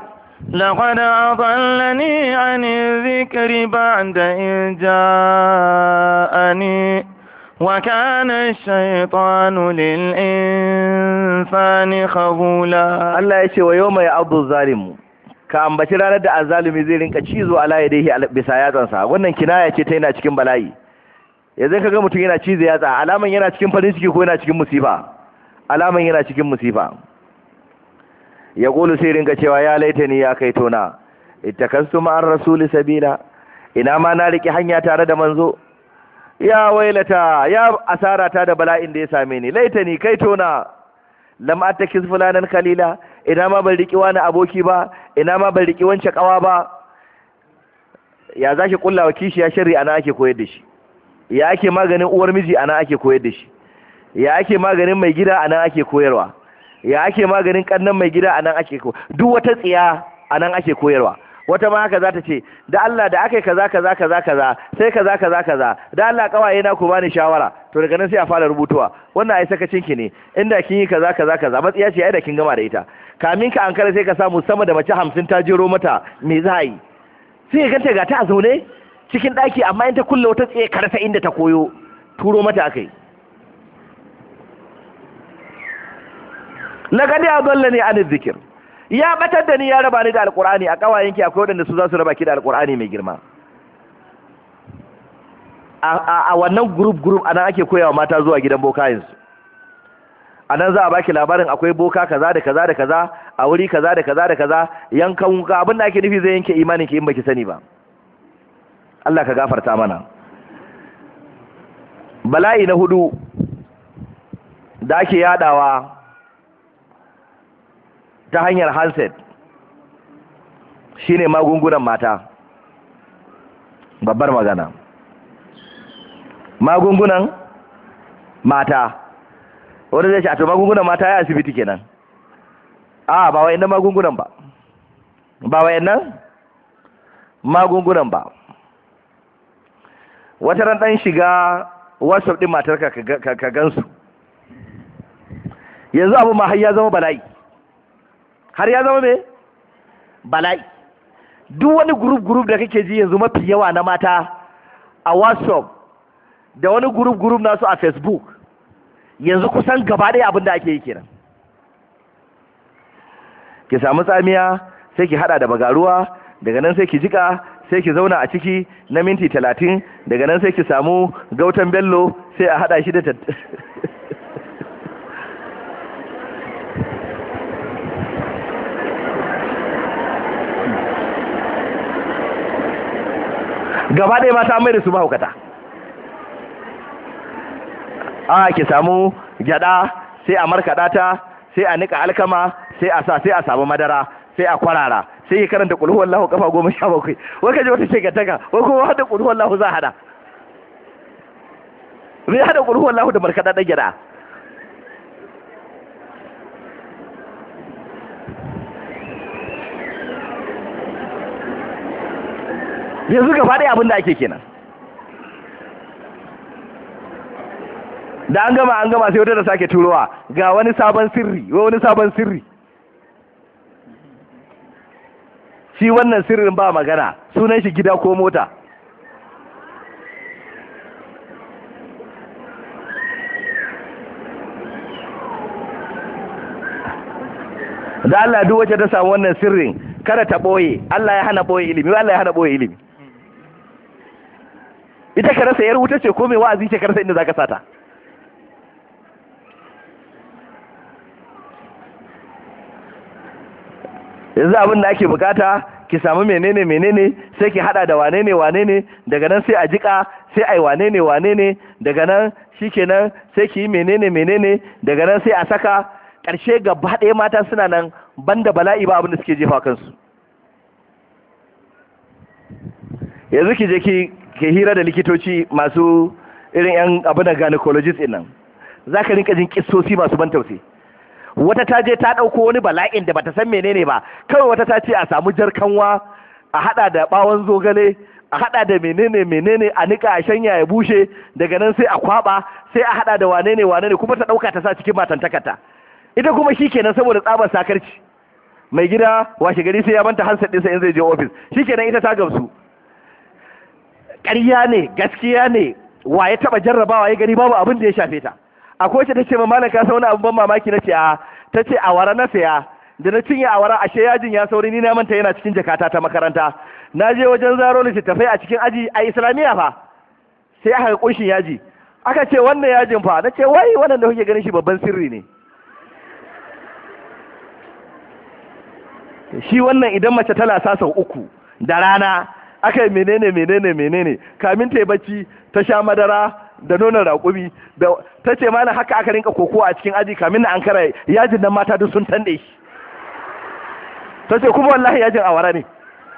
لقد أضلني عن الذكر بعد إذ جاءني وكان الشيطان للإنسان خذولا الله يشي ويوم يعض الظالم ka ambaci ranar da azzalumi zai rinka cizo ala yadayhi bisa yatsansa wannan kinaya ce ta yana cikin bala'i yanzu ga mutum yana cize yatsa alaman yana cikin farin ciki ko yana cikin musifa alaman yana cikin musifa ya kulu sai rinka cewa ya laita ni ya kai tona ittakastu ma'ar rasuli sabila ina ma na riƙe hanya tare da manzo ya wailata ya asara ta da bala'in da ya same ni laita ni kai tona lam attakis fulanan kalila ina ma ban riki wani aboki ba ina ma ban riki wancan kawa ba ya zaki kullawa kishiya shari'a na ake koyar da shi ya ake maganin uwar miji ana ake koyar da shi ya ake maganin mai gida a ake koyarwa ya ake maganin kannan mai gida a ake ko duk wata tsiya a ake koyarwa wata ma haka za ta ce da Allah da aka yi kaza kaza kaza kaza sai kaza kaza kaza da Allah kawaye na ku bani shawara to daga nan sai a fara rubutuwa wannan ai sakacin ki ne inda kin yi kaza kaza kaza matsiya ce ai da kin gama da ita kamin ka ankara sai ka samu sama da mace 50 ta jero mata me za yi sai ka ganta ga ta zo zaune cikin ɗaki amma in ta kulle wata tsaye karasa inda ta koyo turo mata aka yi. a zolle ne anin zikir ya batar da ni ya raba ni da Alƙur'ani, a ƙawayenki ki akwai wadanda su za su raba ki da Alƙur'ani mai girma a wannan group group anan ake koyawa mata zuwa gidan boka su anan za a baki labarin akwai boka kaza da kaza da kaza a wuri kaza da kaza da kaza yankan abin da ake nufi zai yanke imanin ki in baki sani ba Allah ka gafarta mana bala'i na hudu da ake yadawa ta hanyar handset shine magungunan mata babbar magana magungunan mata wadda zai ce a to magungunan mata ya asibiti kenan a ba wayannan magungunan ba ba wayannan magungunan ba wata ran dan shiga whatsapp din matarka ka gansu yanzu abu ma har ya zama bala'i har ya zama me bala'i duk wani group group da kake ji yanzu mafi yawa na mata a whatsapp da wani group group nasu a facebook yanzu kusan gaba ɗaya abin da ake yi kenan ki samu tsamiya sai ki hada da bagaruwa daga nan sai ki jika sai ki zauna a ciki na minti talatin daga nan sai ki samu gautan bello sai a hada shi da gaba ɗaya ta mai da su mahaukata a ki samu gyada sai a markaɗata, ta sai a niƙa alkama sai a sa sai a samu madara sai a kwarara sai ya karanta ƙulhu wallahu kafa goma sha bakwai wai kaje wata ce gataka wai kuma hada kulhu wallahu za hada zai hada ƙulhu wallahu da markada da gida yanzu gaba ɗaya abin da ake kenan da an gama an gama sai wata da sake turowa ga wani sabon sirri wani sabon sirri shi wannan sirrin ba magana sunan shi gida ko mota da Allah duk wacce ta samu wannan sirrin kada ta ɓoye Allah ya hana ɓoye ilimi Allah ya hana ɓoye ilimi ita ka rasa yar wuta ce ko mai wa'azi ce ka rasa inda zaka sata yanzu abin da ake bukata ki samu menene menene sai ki hada da wane ne wane ne daga nan sai a jika sai ai wane ne wane ne daga nan shikenan sai ki yi menene menene daga nan sai a saka karshe gaba ɗaya mata suna nan banda bala'i ba abin da suke jefa kansu yanzu ki je ki ke hira da likitoci masu irin yan abin da gynecologist din nan zaka rinka jin kissosi masu ban tausayi wata ta je ta ɗauko wani bala'in da bata san menene ba kawai wata ta ce a samu jarkanwa a haɗa da ɓawon zogale a haɗa da menene menene a nika a shanya ya bushe daga nan sai a kwaɓa sai a haɗa da wane ne wane ne kuma ta ɗauka ta sa cikin matantakata ita kuma shi kenan saboda tsabar sakarci mai gida washe gari sai ya manta hansa ɗinsa in zai je ofis shi kenan ita ta gamsu ƙarya ne gaskiya ne wa ya taɓa jarrabawa ya gani babu abin da ya shafe ta akwai wacce take ma malam ka san wani abu ban mamaki na ce a ta ce awara na saya da na cinye awara ashe yajin ya sauri ni na manta yana cikin jakata ta makaranta na je wajen zaro littattafai a cikin aji a islamiyya fa sai aka kunshin yaji aka ce wannan yajin fa na ce wai wannan da kuke ganin shi babban sirri ne shi wannan idan mace ta lasa sau uku da rana aka yi menene menene menene kamin ta yi bacci ta sha madara da nonon raƙumi da ta ce mana haka aka rinka kokowa a cikin aji kamin na an kara yajin nan mata duk sun tanɗe shi ta ce kuma wallahi yajin awara ne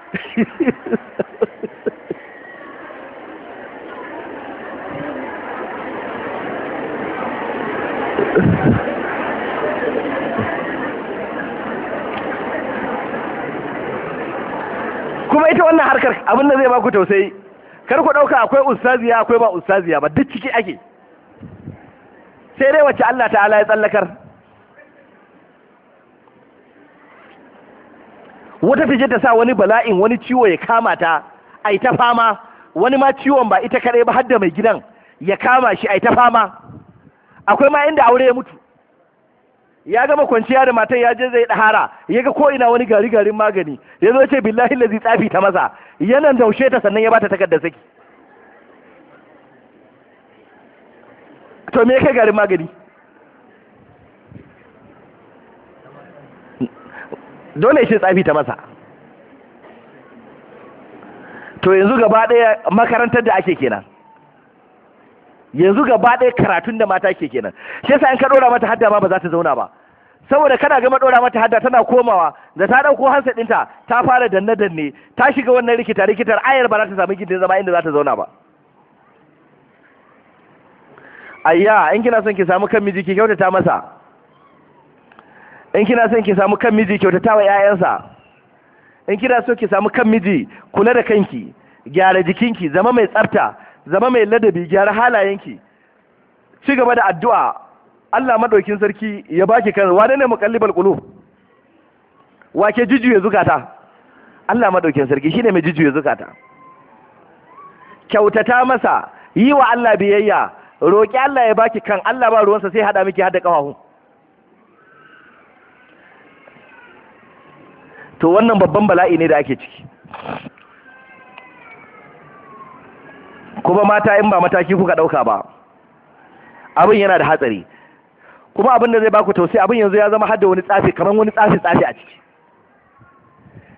[laughs] kuma ita wannan harkar abin da zai baku tausayi kar ku ɗauka akwai ustaziya akwai ba ustaziya ba duk ciki ake sai dai wacce Allah ta'ala ya tsallakar wata fije ta sa wani bala'in wani ciwo ya kama ta ai ta fama wani ma ciwon ba ita kadai ba hadda mai gidan ya kama shi ai ta fama akwai ma inda aure ya mutu ya gama kwanciya da matan ya je zai dahara ya ga ko ina wani gari garin magani ya zo ce billahi lazi tsafi ta masa yanan taushe ta sannan ya bata takardar saki to me kai garin magani dole shi tsafi ta masa to yanzu gaba ɗaya makarantar da ake kenan yanzu gaba ɗaya karatun da mata ke kenan shi yasa in ka ɗora mata hadda ma ba za ta zauna ba saboda kana gama ɗora mata hadda tana komawa da ta ɗauko hansa ɗinta ta fara danne danne ta shiga wannan rikita rikitar ayar ba za ta samu gidan zama inda za ta zauna ba ayya in kina son ki samu kan miji ki kyautata masa in kina son ki samu kan miji kyautata wa 'ya'yansa in kina so ki samu kan miji kula da kanki gyara jikinki zama mai tsafta zama mai ladabi gyara halayenki ci gaba da addu'a Allah madaukin sarki ya baki kan wane ne muqallibal qulub wake jijuye zukata Allah madaukin sarki shine mai jijuye zukata kyautata masa yi wa Allah biyayya roƙi Allah ya baki kan Allah ba ruwansa sai hada miki hada ƙawahu. to wannan babban bala'i ne da ake ciki kuma mata in ba mataki kuka ɗauka ba abin yana da hatsari kuma abin da zai baku tausayi abin yanzu ya zama hada wani tsafi kamar wani tsafi tsafi a ciki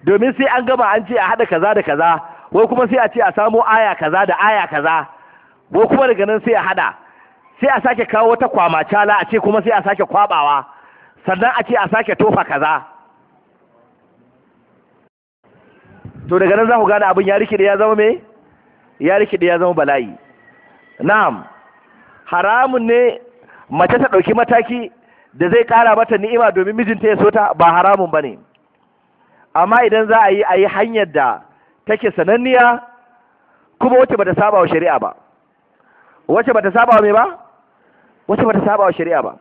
domin sai an gama an ce a hada kaza da kaza wai kuma sai a ce a samo aya kaza da aya kaza wai kuma daga nan sai a hada sai a sake kawo wata kwamacala a ce kuma sai a sake kwabawa sannan a ce a sake tofa kaza to daga nan za ku gane abin ya rike da ya zama mai. ya rikide ya zama bala'i na'am haramun ne mace ta ɗauki mataki da zai kara mata ni'ima domin mijinta ya sota ba haramun ba ne amma idan za a yi a yi hanyar da take sananniya kuma wacce bata saba wa shari'a ba wacce bata saba wa me ba wacce bata saba wa shari'a ba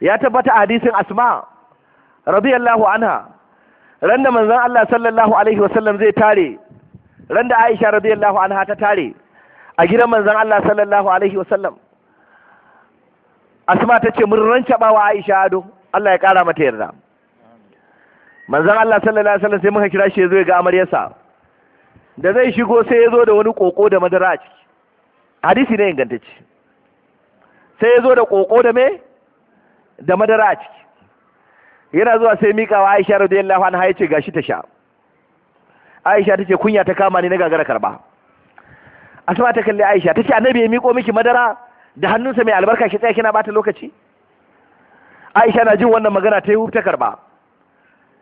ya tabbata hadisin asma radiyallahu anha randa manzon Allah sallallahu alaihi wasallam zai tare ran da Aisha radiyallahu anha ta tare a gidan manzon Allah sallallahu alaihi wasallam Asma ta ce mun rancaba wa Aisha ado Allah ya kara mata yarda manzon Allah sallallahu alaihi wasallam sai muka kira shi zo ga amaryarsa da zai shigo sai ya zo da wani koko da madara a ciki hadisi ne ingantacce sai ya zo da koko da me da madara a ciki yana zuwa sai mika wa Aisha radiyallahu anha ya ce gashi ta sha aisha ta ce kunya ta kama ni na gagara karba asma ta kalli aisha ta ce annabi ya miko miki madara da hannunsa mai albarka shi tsaya kina bata lokaci aisha na jin wannan magana ta yi ta karba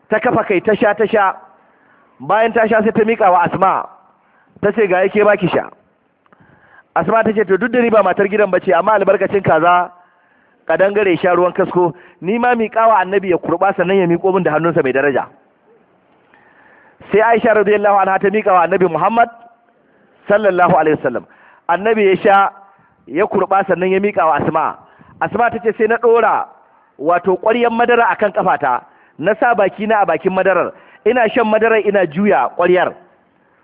ta kafa kai ta sha ta sha bayan ta sha sai ta miƙa wa asma ta ce ga yake baki sha asma ta ce to duk da ni ba matar gidan bace amma albarkacin kaza kadangare sha ruwan kasko ni ma miƙawa annabi ya kurba sannan ya miƙo min da hannunsa mai daraja sai aisha radiyallahu anha ta miƙa wa annabi muhammad sallallahu alaihi wasallam annabi ya sha ya kurɓa sannan ya miƙa wa asma asma ta ce sai na ɗora wato ƙwaryar madara a kan ƙafata na sa baki na a bakin madarar ina shan madarar ina juya ƙwaryar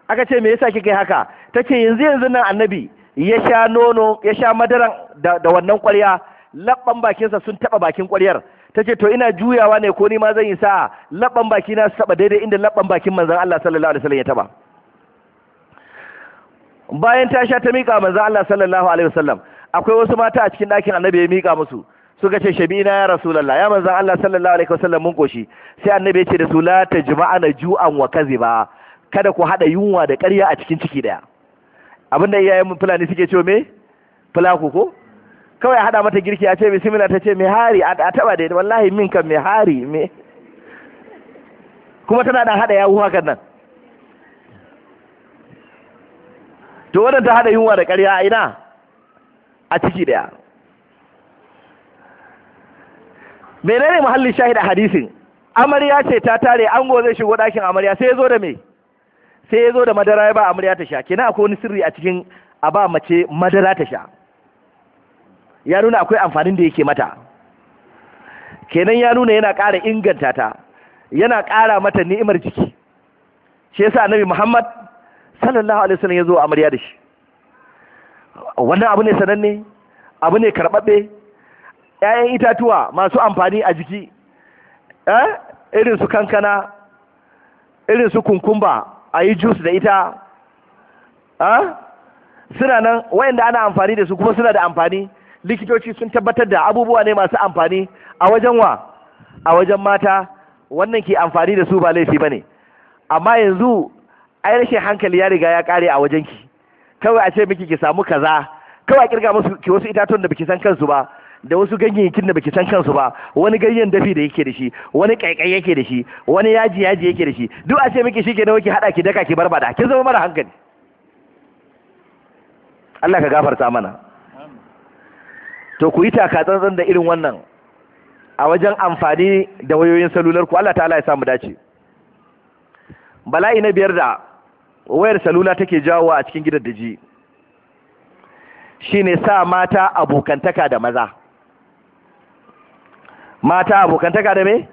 aka ce me yasa kika haka tace ce yanzu yanzu nan annabi ya sha nono ya sha madaran da, wannan ƙwarya labban bakinsa sun taɓa bakin ƙwaryar ta ce to ina juyawa ne ko ni ma zan yi sa labban baki na saba daidai inda labban bakin manzon Allah sallallahu alaihi wasallam ya taba bayan ta sha ta miƙa manzon Allah sallallahu alaihi wasallam akwai wasu mata a cikin ɗakin annabi ya miƙa musu suka ce shabina ya rasulullah ya manzon Allah sallallahu alaihi wasallam mun koshi sai annabi ya ce da su la tajma'ana ju'an wa kaziba kada ku hada yunwa da ƙarya a cikin ciki daya abinda iyayen fulani suke cewa me fulaku ko kawai hada mata girki a ce bismillah ta ce mai hari a taba da wallahi min kan mai hari me kuma tana da hada yahu hakan nan to wannan ta hada yunwa da ƙarya a ina a ciki daya menene muhallin shahid a hadisin amarya ce ta tare ango zai shigo ɗakin amarya sai ya zo da me sai ya zo da madara ya ba amarya ta sha kina akwai wani sirri a cikin a ba mace madara ta sha ya nuna akwai amfanin da yake mata kenan ya nuna yana ƙara inganta ta yana ƙara mata ni'imar jiki shi yasa annabi Muhammad sallallahu alaihi wasallam ya zo amarya da shi wannan abu ne sananne abu ne karɓaɓɓe ƴaƴan itatuwa masu amfani a jiki eh irin su kankana irin su kunkumba a yi jus da ita eh, suna nan wayanda ana amfani da su kuma suna da amfani likitoci sun tabbatar da abubuwa ne masu amfani a wajen wa a wajen mata wannan ke amfani da su ba laifi ba ne amma yanzu ai rashin hankali ya riga ya kare a wajen ki, kawai a ce miki ki samu kaza kawai a kirga musu ki wasu itatuwan da biki san kansu ba da wasu ganyayyakin da biki san kansu ba wani ganyen dafi da yake da shi wani kaikai yake da shi wani yaji yaji yake da shi duk a ce miki shi kenan ki hada ki daka ki barbada kin zama mara hankali Allah ka gafarta mana to ku yi taka tsantsan da irin wannan a wajen amfani da wayoyin salular ku Allah ta'ala ya samu dace bala'i na biyar da wayar salula take jawo a cikin gidan daji shine sa mata abokantaka da maza mata abokantaka da me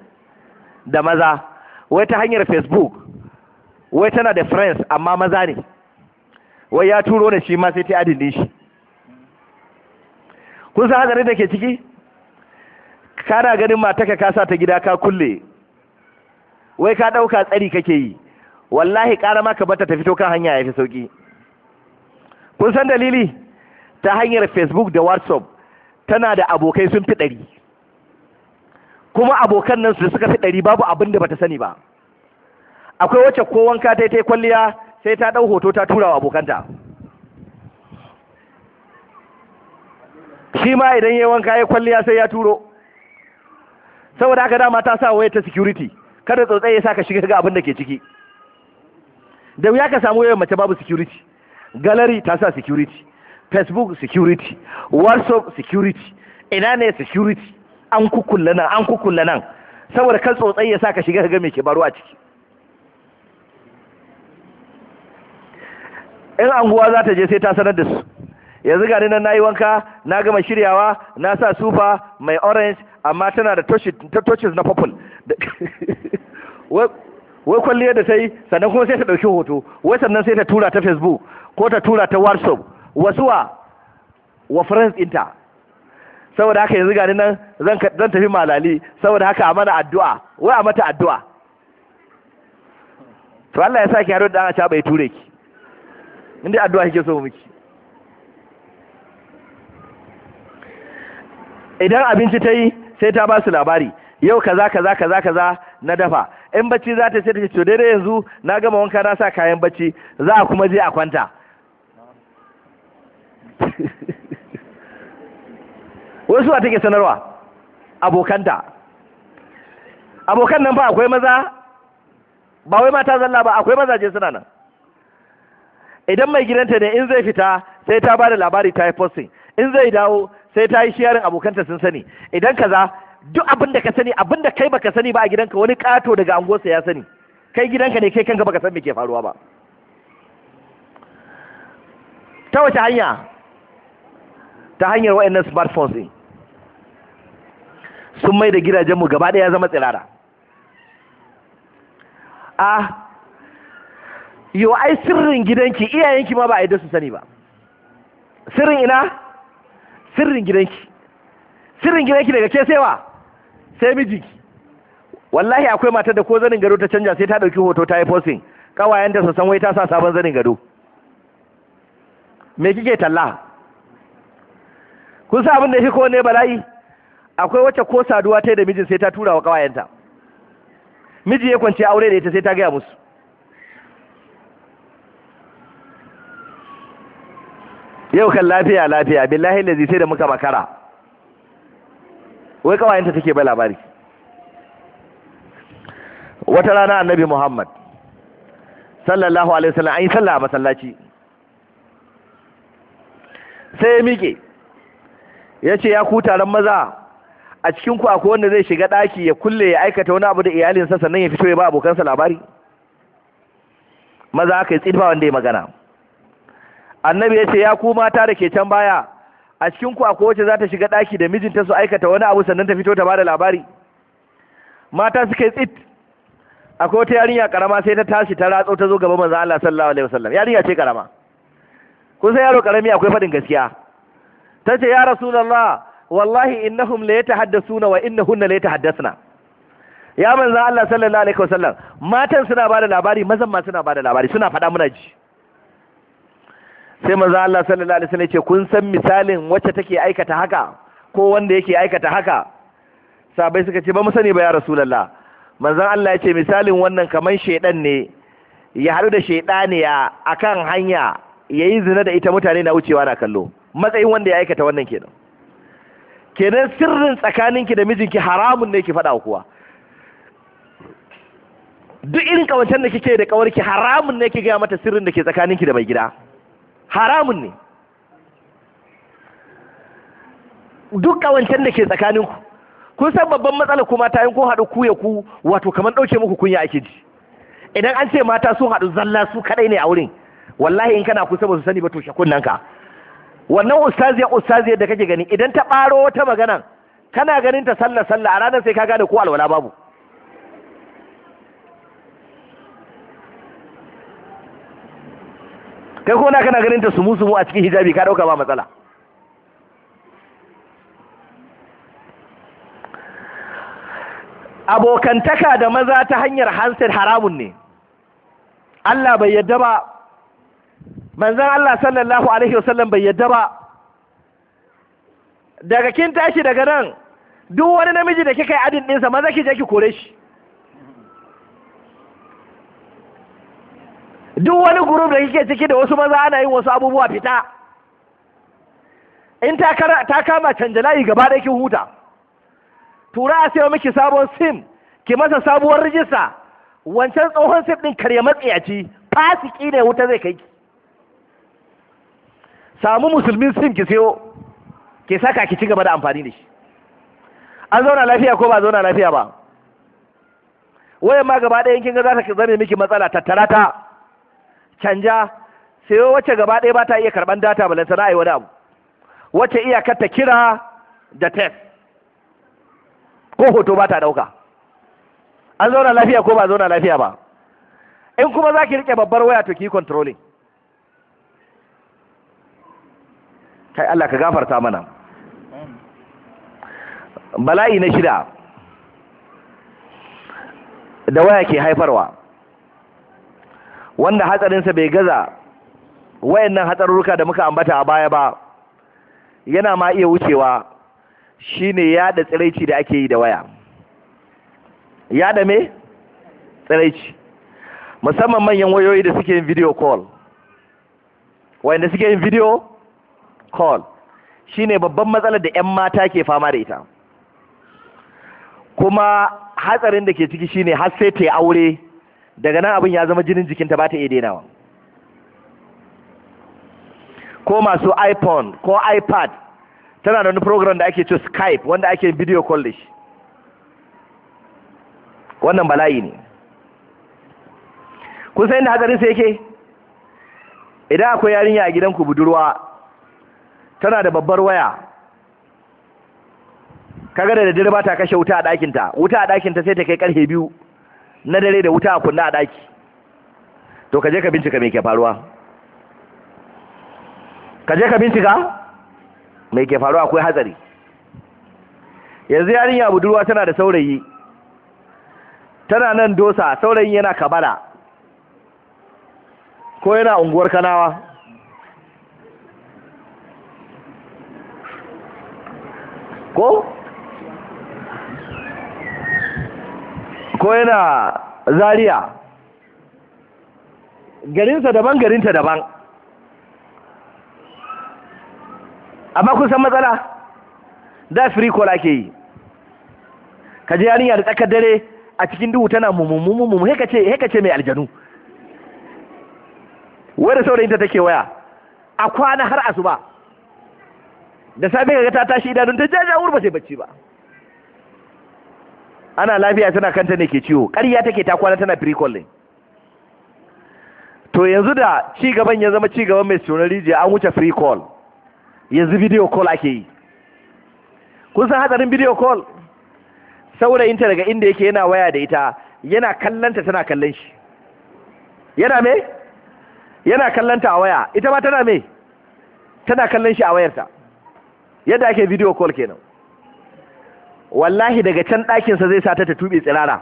da maza wai ta hanyar facebook wai tana da friends amma maza ne wai ya turo da shi ma sai ta adin shi kun san hadari da ke ciki kana ganin mataka ka sa ta gida ka kulle wai ka ɗauka tsari kake yi wallahi ƙara ka bata ta fito kan hanya ya fi kun san dalili ta hanyar facebook da whatsapp tana da abokai sun fi ɗari kuma abokan nan su suka fi ɗari babu abin da bata sani ba akwai wacce ko wanka ta yi kwalliya sai ta ɗau hoto ta tura wa abokanta shi ma idan yawan wanka ya kwalliya sai ya turo saboda haka dama ta sa wayar ta security kada tsotsai ya sa ka shiga ga abin da ke ciki da wuya ka samu wayar mace babu security gallery ta sa security facebook security whatsapp security ina ne security an kukulla nan an kukulla nan saboda kan tsotsai ya sa ka shiga ga me ke baro a ciki in anguwa za ta je sai ta sanar da su yanzu ga nan nayi wanka na gama shiryawa na sa sufa mai orange amma tana da touches na purple [laughs] wai kwalliya da ta yi sannan kuma sai ta ɗauki hoto wai sannan sai ta tura ta facebook ko ta tura ta whatsapp wasu wa wa friends inta saboda haka yanzu gani nan zan tafi malali saboda haka a mana addu'a wai a mata addu'a to Allah ya sa ki haɗu da ɗan a bai ture ki inda addu'a kike so miki idan abinci ta yi sai ta ba su labari yau kaza kaza kaza kaza na dafa in bacci za ta sai ta ce to daidai yanzu na gama wanka na sa kayan bacci za a kuma je a kwanta [laughs] wasu a take sanarwa abokanta abokan nan fa akwai maza ba wai mata zalla ba akwai mazaje suna nan idan mai gidanta ne in zai fita sai ta ba da labari ta yi posting in zai dawo sai ta yi shiyarin abokanta sun sani idan kaza duk abin da ka sani abin da kai baka sani ba a gidanka wani kato daga angosa ya sani kai gidanka ne kai kanka baka san me ke faruwa ba ta wace hanya ta hanyar wayannan smartphones din sun mai da gidajenmu gaba ɗaya ya zama tsirara a yau ai sirrin gidanki iyayenki ma ba a yi da su sani ba sirrin ina sirrin gidanki sirrin gidanki daga ke sewa sai mijinki wallahi akwai matar da ko zanin gado ta canja sai ta dauki hoto ta yi posting kawayen da san wai ta sa sabon zanin gado me kike talla kun sa abin da shi ko ne bala'i akwai wacce ko saduwa ta da mijin sai ta tura wa kawayenta miji ya kwanci aure da ita sai ta gaya musu yau kan lafiya lafiya billahi lazi sai da muka makara wai kawayenta take bai labari wata rana annabi muhammad sallallahu alaihi wasallam an yi sallah a masallaci sai ya miƙe ya ce ya ku taron maza a cikin ku akwai wanda zai shiga ɗaki ya kulle ya aikata wani abu da iyalinsa sannan ya fito ya ba abokansa labari maza aka yi tsifa wanda ya magana annabi ya ce ya ku mata da ke can baya a cikin ku akwai wacce za ta shiga ɗaki da mijinta su aikata wani abu sannan ta fito ta bada labari mata suka yi tsit akwai wata yarinya karama sai ta tashi ta ratso ta zo gaba manzo Allah sallallahu alaihi wasallam yarinya ce karama kun san yaro karami akwai faɗin gaskiya tace ya rasulullah wallahi innahum la yatahaddathuna wa innahunna la yatahaddasna ya manzo Allah sallallahu alaihi wasallam matan suna bada labari mazan ma suna bada labari suna fada muna ji sai maza Allah sallallahu alaihi wasallam ce kun san misalin wacce take aikata haka ko wanda yake aikata haka sabai suka ce ba mu sani ba ya rasulullah manzon Allah ya ce misalin wannan kaman shedan ne ya haɗu da shaidaniya akan hanya ya yi zina da ita mutane na wucewa na kallo matsayin wanda ya aikata wannan kenan kenan sirrin tsakaninki da mijinki haramun ne ki faɗa kuwa, duk irin kawancen da kike da kawarki haramun ne ki gaya mata sirrin da ke tsakaninki da mai gida haramun ne duk kawancen da ke tsakaninku kun san babban matsala ko mata yin kun haɗu ku ya ku wato kamar ɗauke muku kunya ake ji idan an ce mata sun haɗu zalla su kaɗai ne a wurin wallahi in kana kusa ba su sani ba to shakunnan ka wannan ustaziya, ustaziyar da kake gani idan ta ɓaro wata magana kana ganin ta sallah sallah a ranar sai ka gane ko alwala babu kai ko na kana ganin ta sumu sumu a cikin hijabi ka dauka ba matsala abokantaka da maza ta hanyar handset haramun ne Allah bai yadda ba manzan Allah sallallahu alaihi wasallam bai yadda ba daga kin tashi daga nan duk wani namiji da kika yi adin ɗinsa maza ki je ki kore shi duk wani guruf da kike ciki da wasu maza ana yin wasu abubuwa fita in ta kama canja layi gaba da kin huta tura a sayo miki sabon sim ki masa sabuwar rijista wancan tsohon sim ɗin karya matsiyaci fasiki ne wuta zai kai ki samu musulmin sim ki sayo ki saka ki ci gaba da amfani da shi an zauna lafiya ko ba zauna lafiya ba wayan ma gaba ɗaya kin ga za ta zame miki matsala tattara ta canja sai wacce gaba ɗaya ba ta iya karɓan data balanta na yi wani abu wacce iyakar ta kira da test ko hoto ba ta ɗauka an zauna lafiya ko ba zauna lafiya ba in kuma za ki riƙe babbar waya to ki controlling kai Allah ka gafarta mana bala'i na shida da waya ke haifarwa wanda hatsarinsa bai gaza wayannan hatsarurruka da muka ambata a baya ba yana ma iya wucewa shine yada tsiraici da ake yi da waya yada me tsiraici musamman manyan wayoyi da suke yin video call wayanda suke yin video call shine babban matsalar da 'yan mata ke fama da ita kuma hatsarin da ke ciki shine har sai ta aure daga nan abin ya zama jinin jikinta ba ta iya dainawa ko masu iphone ko ipad tana da wani program da ake ce skype wanda ake video call wannan bala'i ne kun san inda hatsarin sai yake idan akwai yarinya a gidanku budurwa tana da babbar waya kaga da daddare ta kashe wuta a ɗakinta wuta a ɗakinta sai ta kai ƙarfe biyu na dare da wuta a kunna a daki to ka ka bincika me ke faruwa ka ka bincika me ke faruwa akwai hatsari yanzu yarinya budurwa tana da saurayi tana nan dosa saurayin yana kabala ko yana unguwar kanawa ko ko yana Zariya, garinsa daban garinta daban amma kun san matsala da free call ake yi ka je yarinya da tsakar dare a cikin duhu tana mumumumu heka ce mai aljanu wai da ta take waya a kwana har asuba da safe ga ta tashi idanun ta jaja ba sai bacci ba ana lafiya tana kanta ne ke ciwo ƙarya take ta kwana tana pre-calling to yanzu da ci gaban ya zama ci gaban mai tsoron rijiya an wuce free call yanzu video call ake yi kun san hatsarin video call saurayinta daga inda yake yana waya da ita yana kallanta tana kallon shi yana me yana kallanta a waya ita ma tana me tana kallon shi a wayarta yadda ake video call kenan wallahi daga can ɗakinsa zai sa ta ta tube tsirara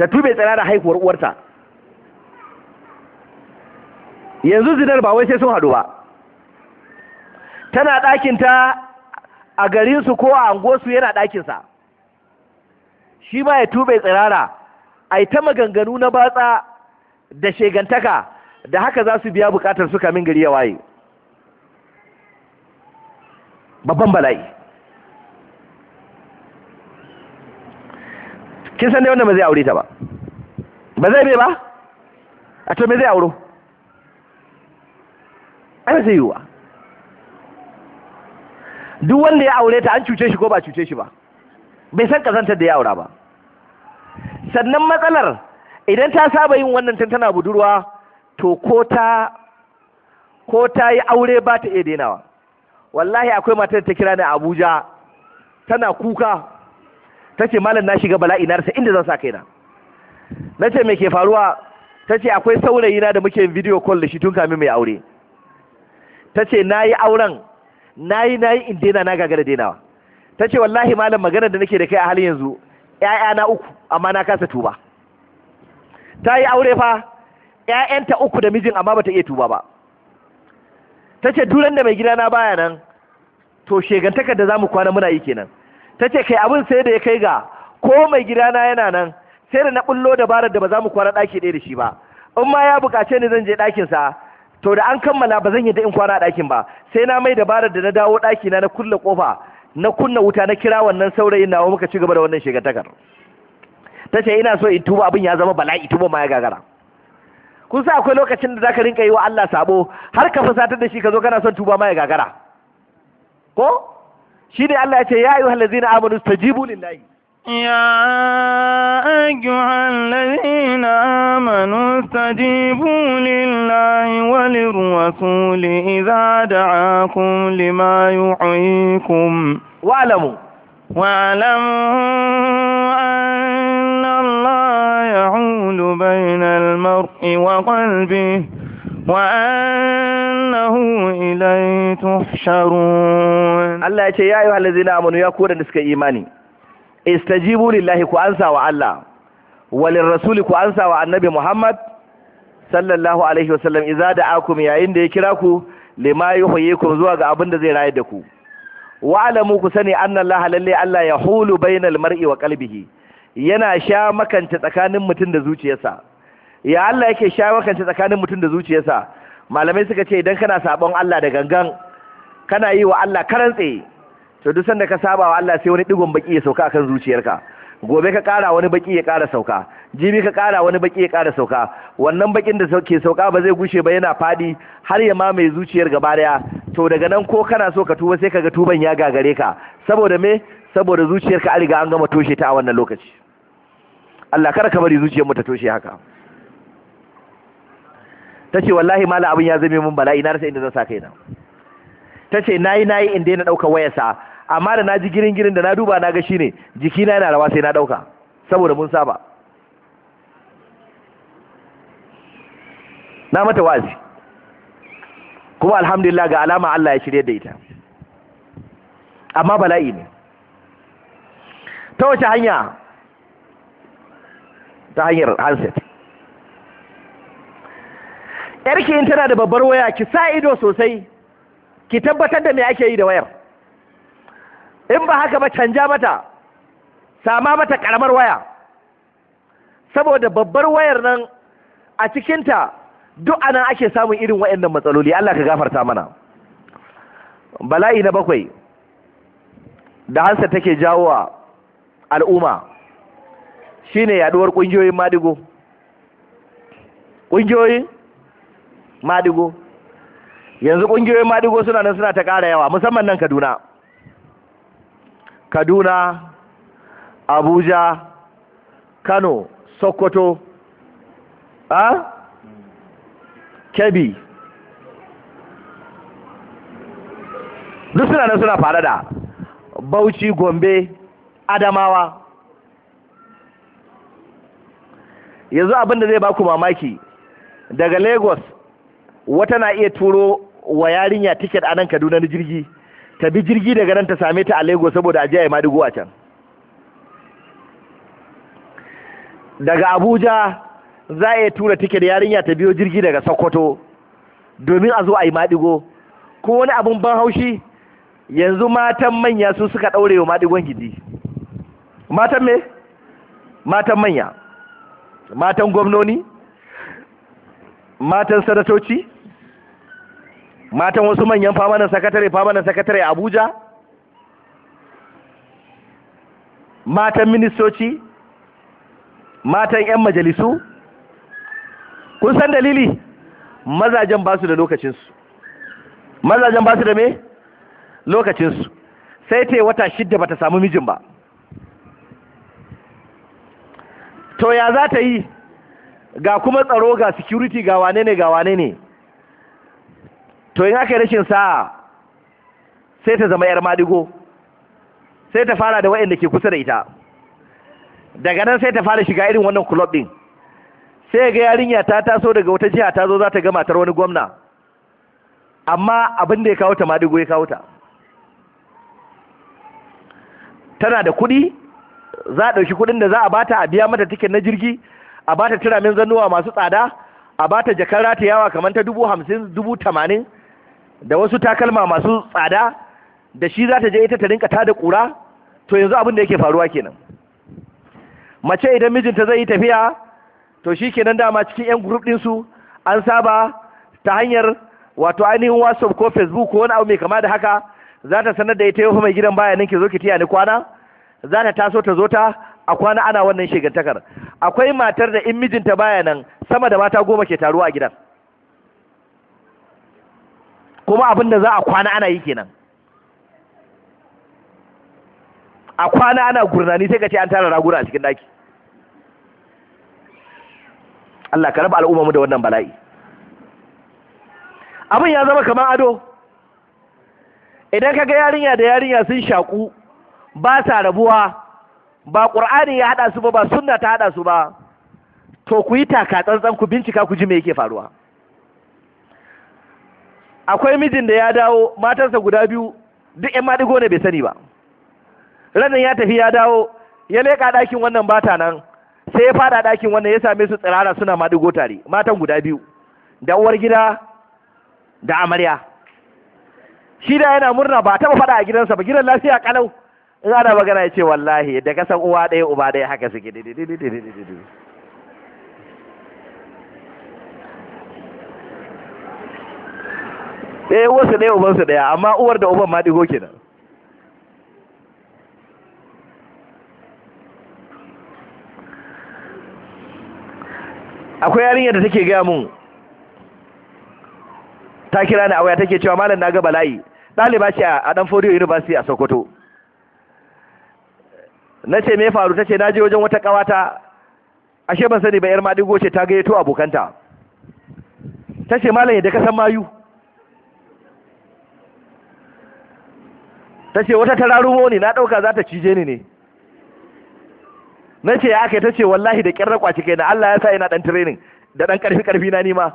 ta tube tsirara haihuwar uwarta yanzu zinar ba wai sai sun haɗu ba tana ɗakinta a garinsu ko a angosu yana ɗakinsa shi ma ya tube tsirara ai ta maganganu na batsa da shegantaka da haka za su biya bukatar su kamin gari ya waye babban bala'i kin san dai wanda ba zai aure ta ba ba zai bai ba a to me zai auro ai zai yiwa duk wanda ya aure ta an cuce shi ko ba cuce shi ba bai san kazantar da ya aura ba sannan matsalar idan ta saba yin wannan tun tana budurwa to ko ta ko ta yi aure ba ta iya dainawa wallahi akwai matar ta kira ni Abuja tana kuka ta ce malam na shiga bala'i na rasa inda zan sa kaina na ce me ke faruwa ta ce akwai saurayi na da muke video call da shi tun kamin mai aure ta ce na yi auren na yi na yi in daina na gagara denawa. ta ce wallahi malam maganar da nake da kai a halin yanzu ‘ya'ya na uku amma na kasa tuba ta yi aure fa ‘ya'yanta uku da mijin amma bata iya tuba ba ta ce duran da mai gida na baya nan to shegantakar da za mu kwana muna yi kenan ta ce kai abin sai da ya kai ga ko mai gidana yana nan sai da na bullo dabarar da ba za mu kwana ɗaki ɗaya da shi ba in ma ya buƙace ni zan je ɗakinsa to da an kammala ba zan da in kwana a ɗakin ba sai na mai dabarar da na dawo ɗakina na kulle ƙofa na kunna wuta na kira wannan saurayin nawa muka ci gaba da wannan takar. ta ce ina so in tuba abin ya zama bala'i tuba ma ya gagara kun sa akwai lokacin da zaka rinka yi wa Allah sabo har ka fasatar da shi ka zo kana son tuba ma ya gagara ko شيني الله يا أيها الذين آمنوا استجيبوا لله يا أيها الذين آمنوا استجيبوا لله وللرسول إذا دعاكم لما يحييكم واعلموا واعلموا أن الله يعول بين المرء وقلبه وأنه إليه تحشرون الله يتي يا أيها الذين آمنوا يا كورا نسك إيماني استجيبوا لله كأنسى وعلا وللرسول Annabi والنبي محمد صلى الله عليه وسلم إذا دعاكم يا إن يكراكم lima yuhyikum zuwa ga abin da zai rayu da ku wa alamu ku sani anna Allah lalle Allah ya hulu bainal mar'i wa qalbihi yana sha tsakanin mutum da zuciyarsa ya Allah yake shawakanci tsakanin mutum da zuciyarsa malamai suka ce idan kana sabon Allah da gangan kana yi wa Allah karantse to duk sanda ka saba wa Allah sai wani digon baki ya sauka akan zuciyarka gobe ka kara wani baki ya kara sauka jibi ka kara wani baki ya kara sauka wannan bakin da ke sauka ba zai gushe ba yana fadi har ya mamaye zuciyar gaba daya to daga nan ko kana so ka tuba sai kaga tuban ya gagare ka saboda me saboda zuciyarka an riga an gama toshe ta a wannan lokaci Allah kada ka bari zuciyarmu ta toshe haka ta ce wallahi mala abin ya zame min bala'i na rasa inda zan sa kaina ta ce nayi nayi in daina ɗauka wayarsa amma da na ji girin girin da na duba na ga shine jikina yana rawa sai na dauka saboda mun saba na mata wazi kuma alhamdulillah ga alama Allah ya shirye da ita amma bala'i ne ta wace hanya ta hanyar handset yarki in tana da babbar waya ki sa ido sosai ki tabbatar da me ake yi da wayar in ba haka ba canja mata sama mata karamar waya saboda babbar wayar nan a cikinta duk anan ake samun irin waɗannan matsaloli Allah ka gafarta mana bala'i na bakwai da hansa take wa al'umma shine yaduwar ƙungiyoyin madigo ƙungiyoyin madigo yanzu ƙungiyoyin madigo suna nan suna ta ƙara yawa musamman nan kaduna kaduna abuja kano sokoto a kebbi duk suna nan suna fara da bauchi gombe adamawa yanzu abinda zai baku mamaki daga lagos wata na iya turo wa yarinya tiket a nan kaduna na jirgi ta bi jirgi daga nan ta same ta a lagos saboda ajiya ya madugo a can daga abuja za a iya tura tiket yarinya ta biyo jirgi daga sokoto domin a zo a yi maɗigo ko wani abin ban haushi yanzu matan manya su suka ɗaure wa maɗigon gidi. matan me matan manya matan gwamnoni matan sanatoci matan wasu manyan famanin sakatare famanan sakatare abuja matan ministoci matan 'yan majalisu kun san dalili mazajen ba su da lokacinsu mazajen ba su da me lokacinsu sai ta yi wata shidda ba ta samu mijin ba to ya za ta yi ga kuma tsaro ga security ga wane ne ga wane ne to in aka rashin sa'a sai ta zama yar madigo sai ta fara da waɗanda ke kusa da ita daga nan sai ta fara shiga irin wannan club din sai ga yarinya ta taso daga wata jiha ta zo za ta ga matar wani gwamna amma abin da ya kawo ta madigo ya kawo ta tana da kuɗi za a ɗauki kuɗin da za a bata a biya mata tiket na jirgi a bata turamin zannuwa masu tsada a bata jakar rata yawa kamar ta dubu hamsin dubu tamanin da wasu takalma masu tsada da shi za ta je ita ta rinka da ƙura to yanzu abin da yake faruwa kenan mace idan mijinta zai yi tafiya to shi kenan dama cikin 'yan group su an saba ta hanyar wato ainihin whatsapp ko facebook ko wani abu mai kama da haka za ta sanar da ita yau mai gidan bayanin ki zo ki tiya ni kwana za ta taso ta zo ta a kwana ana wannan shigantakar akwai matar da in mijinta bayanan sama da mata goma ke taruwa a gidan kuma abin za a kwana ana yi kenan a kwana ana gurnani sai ka ce an tara raguna a cikin daki Allah ka raba al'umma da wannan bala'i abin ya zama kamar ado idan ka ga yarinya da yarinya sun shaku ba sa rabuwa ba ƙur'ani ya haɗa su ba ba sunna ta haɗa su ba to ku yi taka tsantsan ku bincika ku ji me yake faruwa akwai mijin da ya dawo matarsa guda biyu duk yan maɗigo ne bai sani ba ranar ya tafi ya dawo ya leƙa ɗakin wannan bata nan sai ya fada ɗakin wannan ya same su tsirara suna maɗigo tare matan guda biyu da uwar gida da amarya shi da yana murna ba taɓa faɗa a gidansa ba gidan lafiya kalau in ana magana ya ce wallahi da kasan uwa ɗaya uba ɗaya haka suke Eh, ɗaya wasu ɗaya ubansu ɗaya amma uwar da uban ma ɗigo kenan akwai yarinyar da take gaya mun ta kira ni a waya take cewa malam na ga bala'i ɗaliba ce a ɗan fodiyo university a sokoto na ce me faru ta ce na je wajen wata ƙawata ashe ban sani ba yar maɗigo ce ta gayyato abokanta ta ce malam yadda ka san mayu ta ce wata tararumo ne na ɗauka za ta cije ni ne na ce ya kai ta ce wallahi da ƙirar kwaci kai na Allah ya sa ina ɗan training da ɗan ƙarfi ƙarfi na nima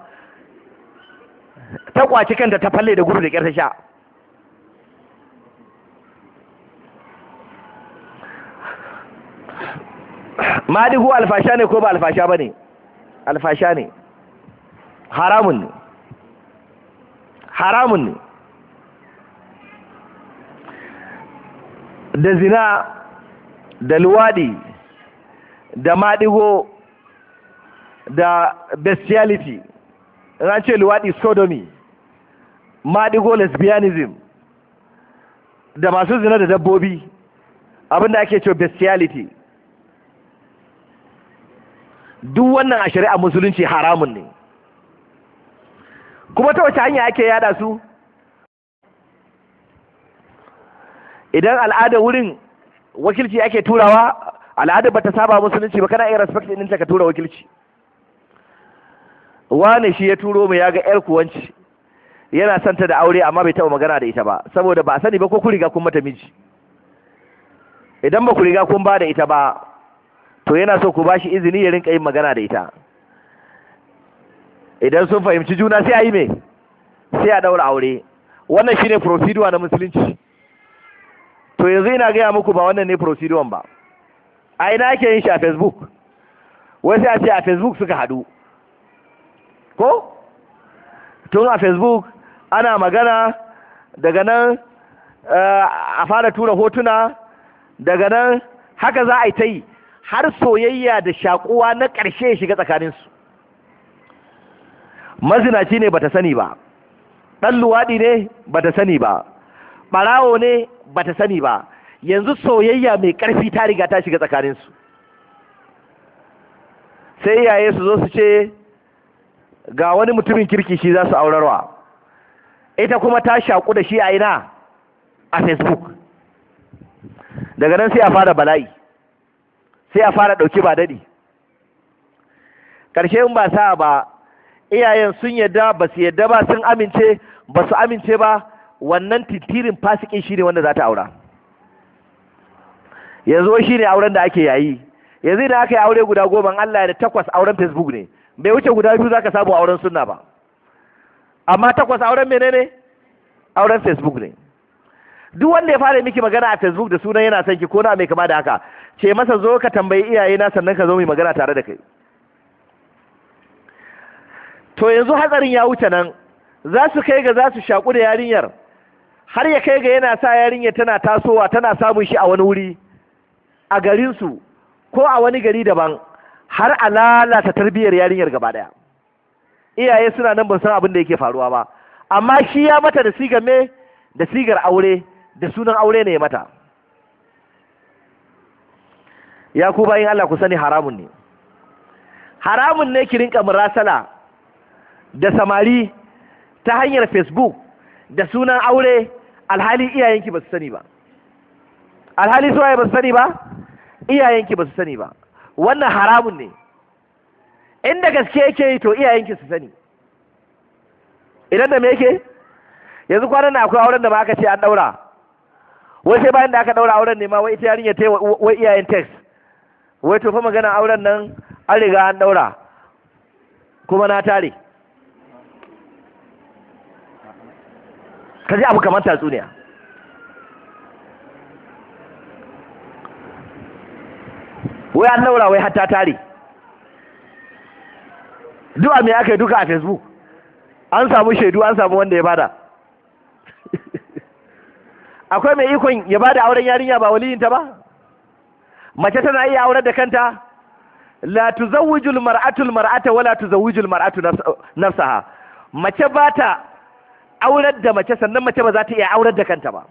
ta kwaci kanta ta falle da gudu da ƙyar ta sha madihu alfasha ne ko ba alfasha ba ne alfasha ne haramun ne haramun ne da zina da luwaɗi da maɗigo da bestiality ran ce luwaɗi sodomi maɗigo lesbianism da masu zina da dabbobi abinda ake ce bestiality duk wannan a shari'a musulunci haramun ne kuma ta wace hanya ake yada su idan al'ada wurin wakilci ake turawa al'ada bata saba musulunci ba kana iya respect din ka tura wakilci wane shi ya turo mu ya ga yar kuwanci yana son ta da aure amma bai taɓa magana da ita ba saboda ba sani ba ko ku riga kun mata miji idan ba ku riga kun ba da ita ba to yana so ku ba shi izini ya rinka yin magana da ita idan sun fahimci juna sai a yi me sai a daura aure wannan shine procedure na musulunci to yanzu ina gaya muku ba wannan ne procedure ba a ina ake yin shi a facebook Wasu ya a ce a facebook suka hadu ko tun a facebook ana magana daga nan eh, a fara tura hotuna daga nan haka za a yi ta yi har soyayya da shakuwa na ƙarshe shiga tsakaninsu mazinaci ne ba ta sani ba ɗan luwaɗi ne ba ta sani ba barawo ne bata sani ba yanzu soyayya mai ƙarfi ta riga ta shiga tsakaninsu sai yaye su zo su ce ga wani mutumin kirki shi za su aurarwa ita kuma ta shaƙu da shi a ina a facebook daga nan sai a fara bala'i sai a fara ɗauki ba daɗi ƙarshe in ba sa ba iyayen sun yadda ba su yadda ba sun amince ba su amince ba wannan titirin fasikin shi ne wanda za ta aura yanzu shi ne auren da ake yayi yanzu da aka yi aure guda goma Allah da takwas auren facebook ne bai wuce guda biyu za ka samu auren suna ba amma takwas auren menene auren facebook ne duk wanda ya fara miki magana a facebook da sunan yana son ki ko na mai kama da haka ce masa zo ka tambayi iyaye na sannan ka zo mai magana tare da kai to yanzu hatsarin ya wuce nan za su kai ga za su shaƙu da yarinyar har ya kai ga yana sa yarinya tana tasowa tana samun shi a wani wuri a garinsu ko a wani gari daban har a lalata tarbiyyar yarinyar gaba daya iyaye suna nan ba san abin da yake faruwa ba amma shi ya mata da sigar me da sigar aure da sunan aure ne mata ya ku bayin Allah ku sani haramun ne haramun ne ki rinka murasala da samari ta hanyar facebook da sunan aure alhali iyayenki ba su sani ba alhali suwaye ba su sani ba iyayenki ba su sani ba wannan haramun ne inda gaske yake yi to iyayenki su sani idan da me yake yanzu kwanan na akwai auren da ba aka ce an daura wai sai bayan da aka daura auren ne ma wai ita yarinya ta wai iyayen text wai to fa magana auren nan an riga an daura kuma na tare ka ji abu kamar tatsuniya wai an laura wai hatta tare duwa me aka yi duka a facebook an samu shaidu an samu wanda ya bada [laughs] akwai mai ikon ya bada auren yarinya ba ta ba mace tana iya auren da kanta la tuzawwijul mar'atul mar'ata wala tuzawwijul mar'atu nafsaha mace ba ta aurar da mace sannan mace ba za ta iya aurar da kanta ba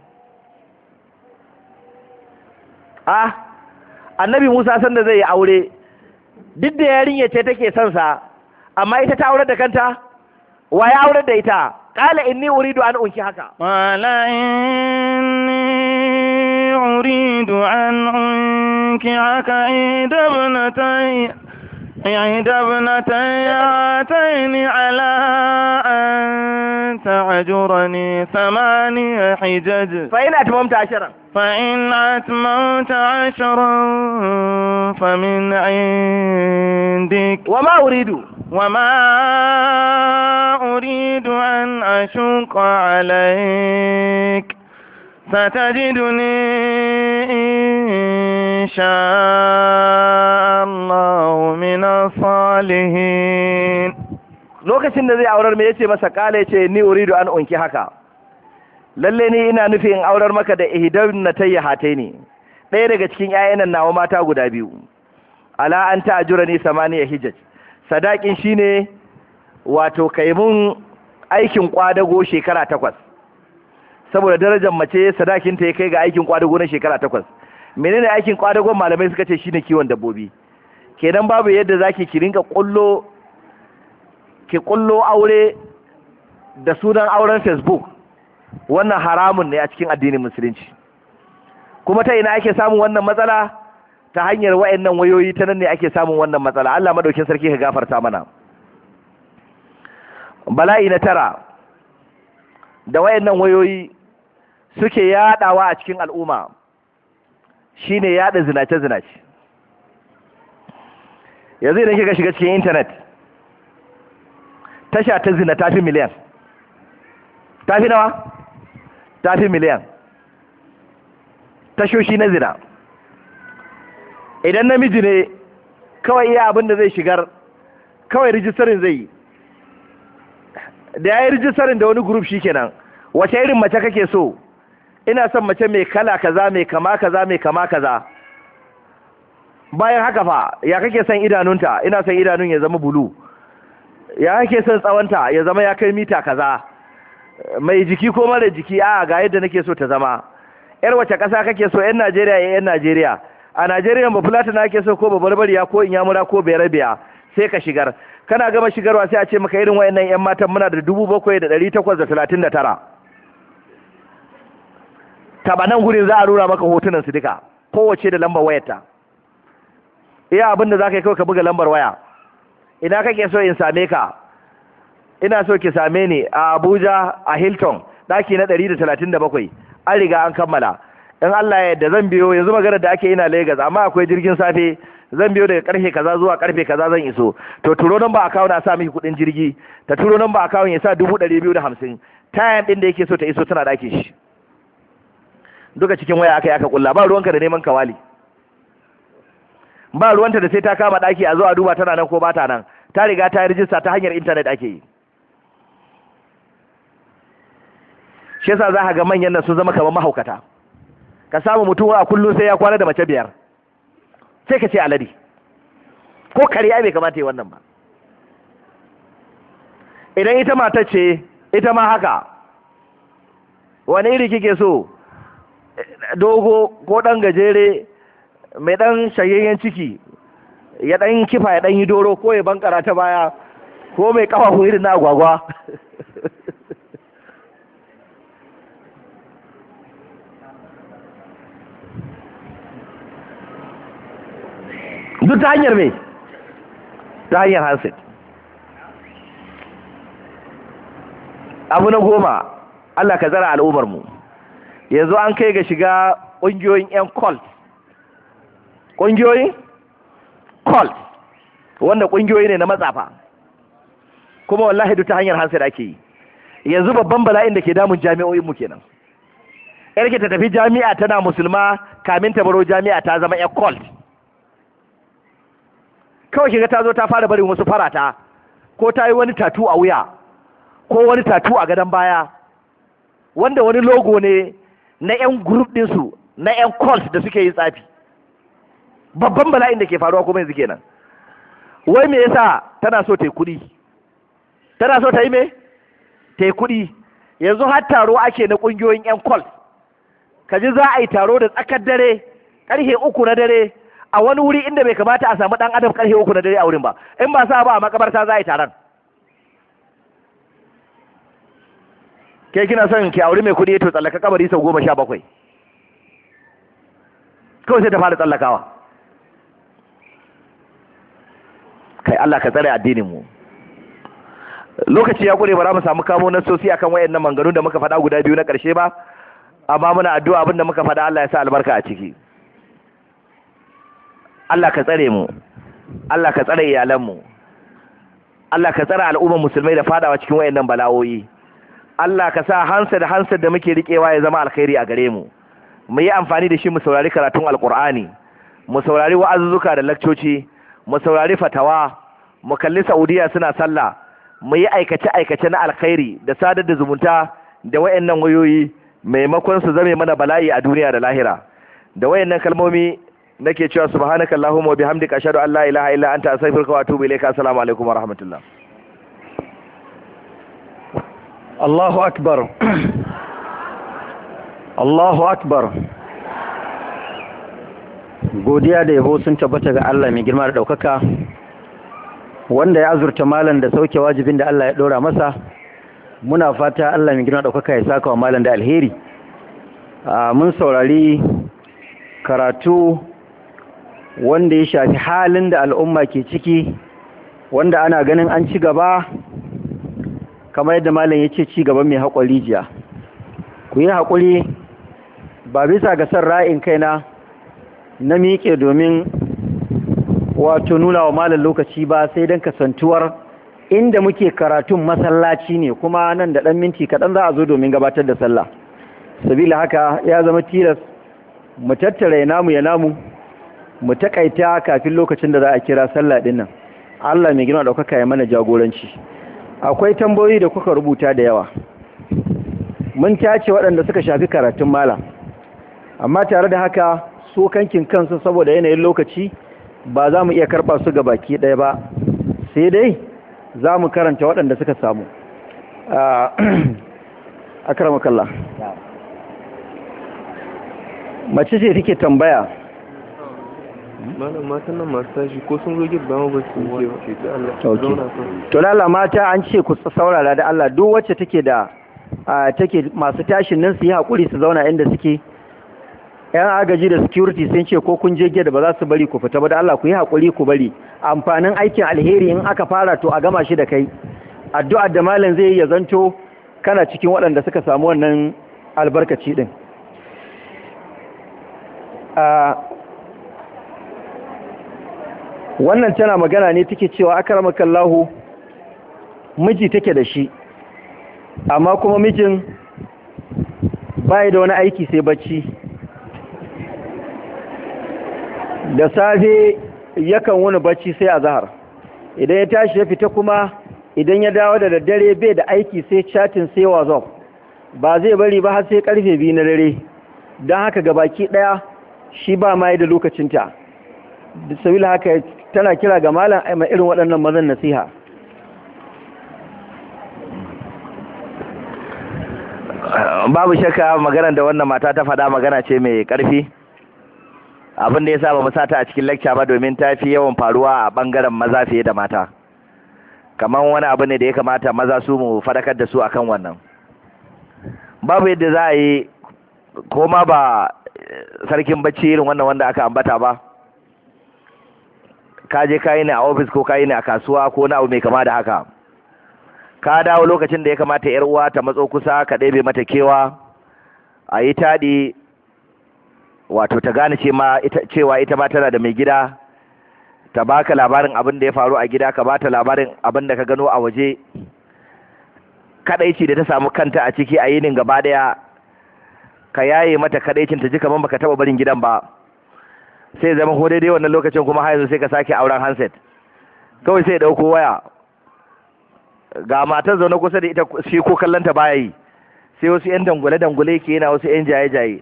a ah, annabi musa sanda zai yi aure duk da yarinya ce take son sa amma ita ta aurar da kanta wa ya aurar da ita qala inni uridu an unki haka qala inni uridu an unki haka idan idabnatay إحدى ابنتي هاتين على أن تعجرني ثماني حجج فإن أتممت عشرا فإن أتممت عشرا فمن عندك وما أريد وما أريد أن أشق عليك ستجدني إن شاء الله من الصالحين lokacin da zai aurar me yace masa kala yace ni uridu an unki haka Lallai ina nufi in aurar maka da ihdan na tayya hataini ɗaya daga cikin ƴaƴan nawa mata guda biyu ala an ta'jura ni samaniya hijaj sadakin shine wato kaimun aikin kwadago shekara takwas saboda darajar mace sadakin ta ya kai ga aikin kwadago na shekara takwas menene aikin kwadagon malamai suka ce shine kiwon dabbobi kenan babu yadda zaki ki rinka kullo ki kullo aure da sunan auren facebook wannan haramun ne a cikin addinin musulunci kuma ta ina ake samun wannan matsala ta hanyar nan wayoyi ta nan ne ake samun wannan matsala Allah madaukin sarki ka gafarta mana bala'i na tara da wayannan wayoyi suke yaɗawa a cikin al'umma shine yaɗa zinace-zinace yanzu idan kika shiga cikin intanet tasha ta zina tafi miliyan tafi nawa tafi miliyan tashoshi na zina idan namiji ne kawai iya abin da zai shigar kawai rijistarin zai yi da ya yi rijistarin da wani grup shi kenan wace irin mace kake so ina son mace mai kala kaza mai kama kaza mai kama kaza bayan haka fa ya kake son idanunta ina son idanun ya zama bulu ya kake son tsawonta ya zama ya kai mita kaza mai jiki ko mara jiki a ga yadda nake so ta zama yar wace kasa kake so yan Najeriya ya eh, yan Najeriya a Najeriya ba fulata na so ko babarbariya ko inyamura ko berabiya sai ka shigar kana gama shigarwa sai a ce maka irin wayannan yan matan muna da dubu bakwai da dari takwas da talatin da tara taba nan gurin za a rura maka hotunan su duka kowace da lambar wayarta iya abin da za ka yi kawai ka buga lambar waya ina kake so in same ka ina so ki same ni a abuja a hilton daki na ɗari da talatin da an riga an kammala in allah ya yadda zan biyo yanzu maganar da ake ina lagos amma akwai jirgin safe zan biyo daga karfe kaza zuwa karfe kaza zan iso to turo nan ba akawun a sa miki kudin jirgi ta turo nan ba akawun ya sa dubu ɗari biyu da hamsin tayan ɗin da yake so ta iso tana ɗakin shi duka cikin waya aka yi aka kulla ba ruwanka da neman kawali ba ruwanta da sai ta kama daki a zo a duba tana nan ko ba ta nan ta riga ta rijista ta hanyar intanet ake yi shi yasa za ka ga manyan nan sun zama kamar mahaukata ka samu mutum a kullum sai ya kwana da mace biyar sai ka ce alade ko kariya bai kamata yi wannan ba idan ita ta ce ita ma haka wani iri kike so dogo ko ɗan gajere mai ɗan shayayyen ciki ya ɗan kifa ya ɗan yi doro ko ya bankara ta baya ko mai ƙafafu irin na agwagwa duk ta hanyar mai ta hanyar hanset abu na goma Allah ka zara al'ummar mu yanzu an kai ga shiga ƙungiyoyin 'yan cult ƙungiyoyin cult wanda ƙungiyoyi ne na matsafa kuma wallahi duk ta hanyar hansa da ake yi yanzu babban bala'in da ke damun jami'o'in mu kenan yarke ta tafi jami'a tana musulma kamin ta baro jami'a ta zama 'yan cult kawai shiga ta zo ta fara barin wasu farata ko ta yi wani tatu a wuya ko wani tatu a gadon baya wanda wani logo ne na 'yan group su na 'yan kwas da suke yi tsafi babban bala'in da ke faruwa kuma yanzu kenan wai me yasa tana so ta yi kuɗi tana so ta yi me ta yi kuɗi yanzu har taro ake na ƙungiyoyin 'yan ka kaji za a yi taro da tsakar dare ƙarfe uku na dare a wani wuri inda bai kamata a samu ɗan adam ƙarfe uku na dare a wurin ba in ba sa ba a makabarta za a yi taron kai kina son ki aure mai kuɗi to tsallaka kabari sau goma sha bakwai kawai sai ta fara tsallakawa kai Allah ka tsare addinin mu lokaci ya kure ba za mu samu kamo na sosai akan wayannan manganu da muka faɗa guda biyu na ƙarshe ba amma muna addu'a abin da muka faɗa Allah ya sa albarka a ciki Allah ka tsare mu Allah ka tsare iyalan mu Allah ka tsare al'ummar musulmai da fadawa cikin wayannan bala'o'i Allah ka sa hansa da hansa da muke riƙewa ya zama alkhairi a gare mu mu yi amfani da shi mu saurari karatun alkur'ani mu saurari wa'azuzuka da lakcoci mu saurari fatawa mu kalli saudiya suna sallah mu yi aikace aikace na alkhairi da sadar da zumunta da wayannan wayoyi maimakon su zame mana bala'i a duniya da lahira da wayannan kalmomi nake cewa subhanakallahumma wa bihamdika ashhadu an la ilaha illa anta astaghfiruka wa atubu ilayka assalamu alaikum wa rahmatullah الله أكبر Akbar godiya da yabo sun tabbata ga Allah mai girma da ɗaukaka wanda ya azurta malam da sauke wajibin da Allah ya ɗora masa muna fata Allah mai girma da ɗaukaka ya saka wa malam da alheri mun saurari karatu wanda ya shafi halin da al'umma ke ciki wanda ana ganin an ci gaba kamar yadda malam ya ce ci gaba mai haƙuri jiya ku yi haƙuri ba bisa ga san ra'in kai na na miƙe domin wato nuna wa malam lokaci ba sai dan kasantuwar inda muke karatun masallaci ne kuma nan da ɗan minti kaɗan za a zo domin gabatar da sallah sabila haka ya zama tilas mu tattara ya namu ya namu mu taƙaita kafin lokacin da za a kira sallah ɗin nan Allah mai gina ɗaukaka ya mana jagoranci akwai tambayoyi da kuka rubuta da yawa mun tace waɗanda suka shafi karatun malam amma tare da haka su kankin kansu saboda yanayin lokaci ba za mu iya karɓa su ga baki ɗaya ba sai dai za mu karanta waɗanda suka samu a ah, [clears throat] karamakalla mace ce take tambaya malam nan masu tashi ko sun zo ba su to lalla mata an ce ku saurara da Allah duk wacce take da take masu tashin nan su yi hakuri su zauna inda suke yan agaji da security sun ce ko kun je gida ba za su bari ku fita ba da Allah ku yi hakuri ku bari amfanin aikin alheri in aka fara to a gama shi da kai addu'ar da malam zai yi ya zanto kana cikin waɗanda suka samu wannan albarkaci din wannan tana magana ne take cewa akramakallahu miji take da shi amma kuma mijin bai da wani aiki sai bacci da safe yakan wani bacci sai a zahar idan ya tashi ya fita kuma idan ya dawo da daddare bai da aiki sai chatin sai whatsapp ba zai bari ba har sai karfe biyu na dare don haka gabaki daya shi ba ma yi da lokacinta sabila haka tana kira ga malam mai irin waɗannan mazan nasiha babu shakka magana da wannan mata ta faɗa magana ce mai ƙarfi abinda ya sa musata a cikin lakca ba domin ta fi yawan faruwa a ɓangaren maza fiye da mata kamar wani abu ne da ya kamata maza su mu faɗakar da su akan wannan babu yadda za a yi ko ma ba eh, sarkin bacci irin wannan wanda aka ambata ba ka je ka yi ne a ofis ko ka yi ne a kasuwa ko na abu mai kama da haka ka dawo lokacin da ya kamata yar uwa ta matso kusa ka ɗebe mata kewa a yi taɗi wato ta gane cewa ita ma tana da mai gida ta baka labarin abin da ya faru a gida ka bata labarin abin da ka gano a waje kadaici da ta samu kanta a ciki a yinin gaba daya ka yaye mata kadaicin ta ji kamar baka taba barin gidan ba sai zama ko daidai wannan lokacin kuma har yanzu sai ka sake auren handset kawai sai dauko waya ga matar zaune kusa da ita shi ko kallanta baya yi sai wasu yan dangule dangule ke yana wasu yan jaye jaye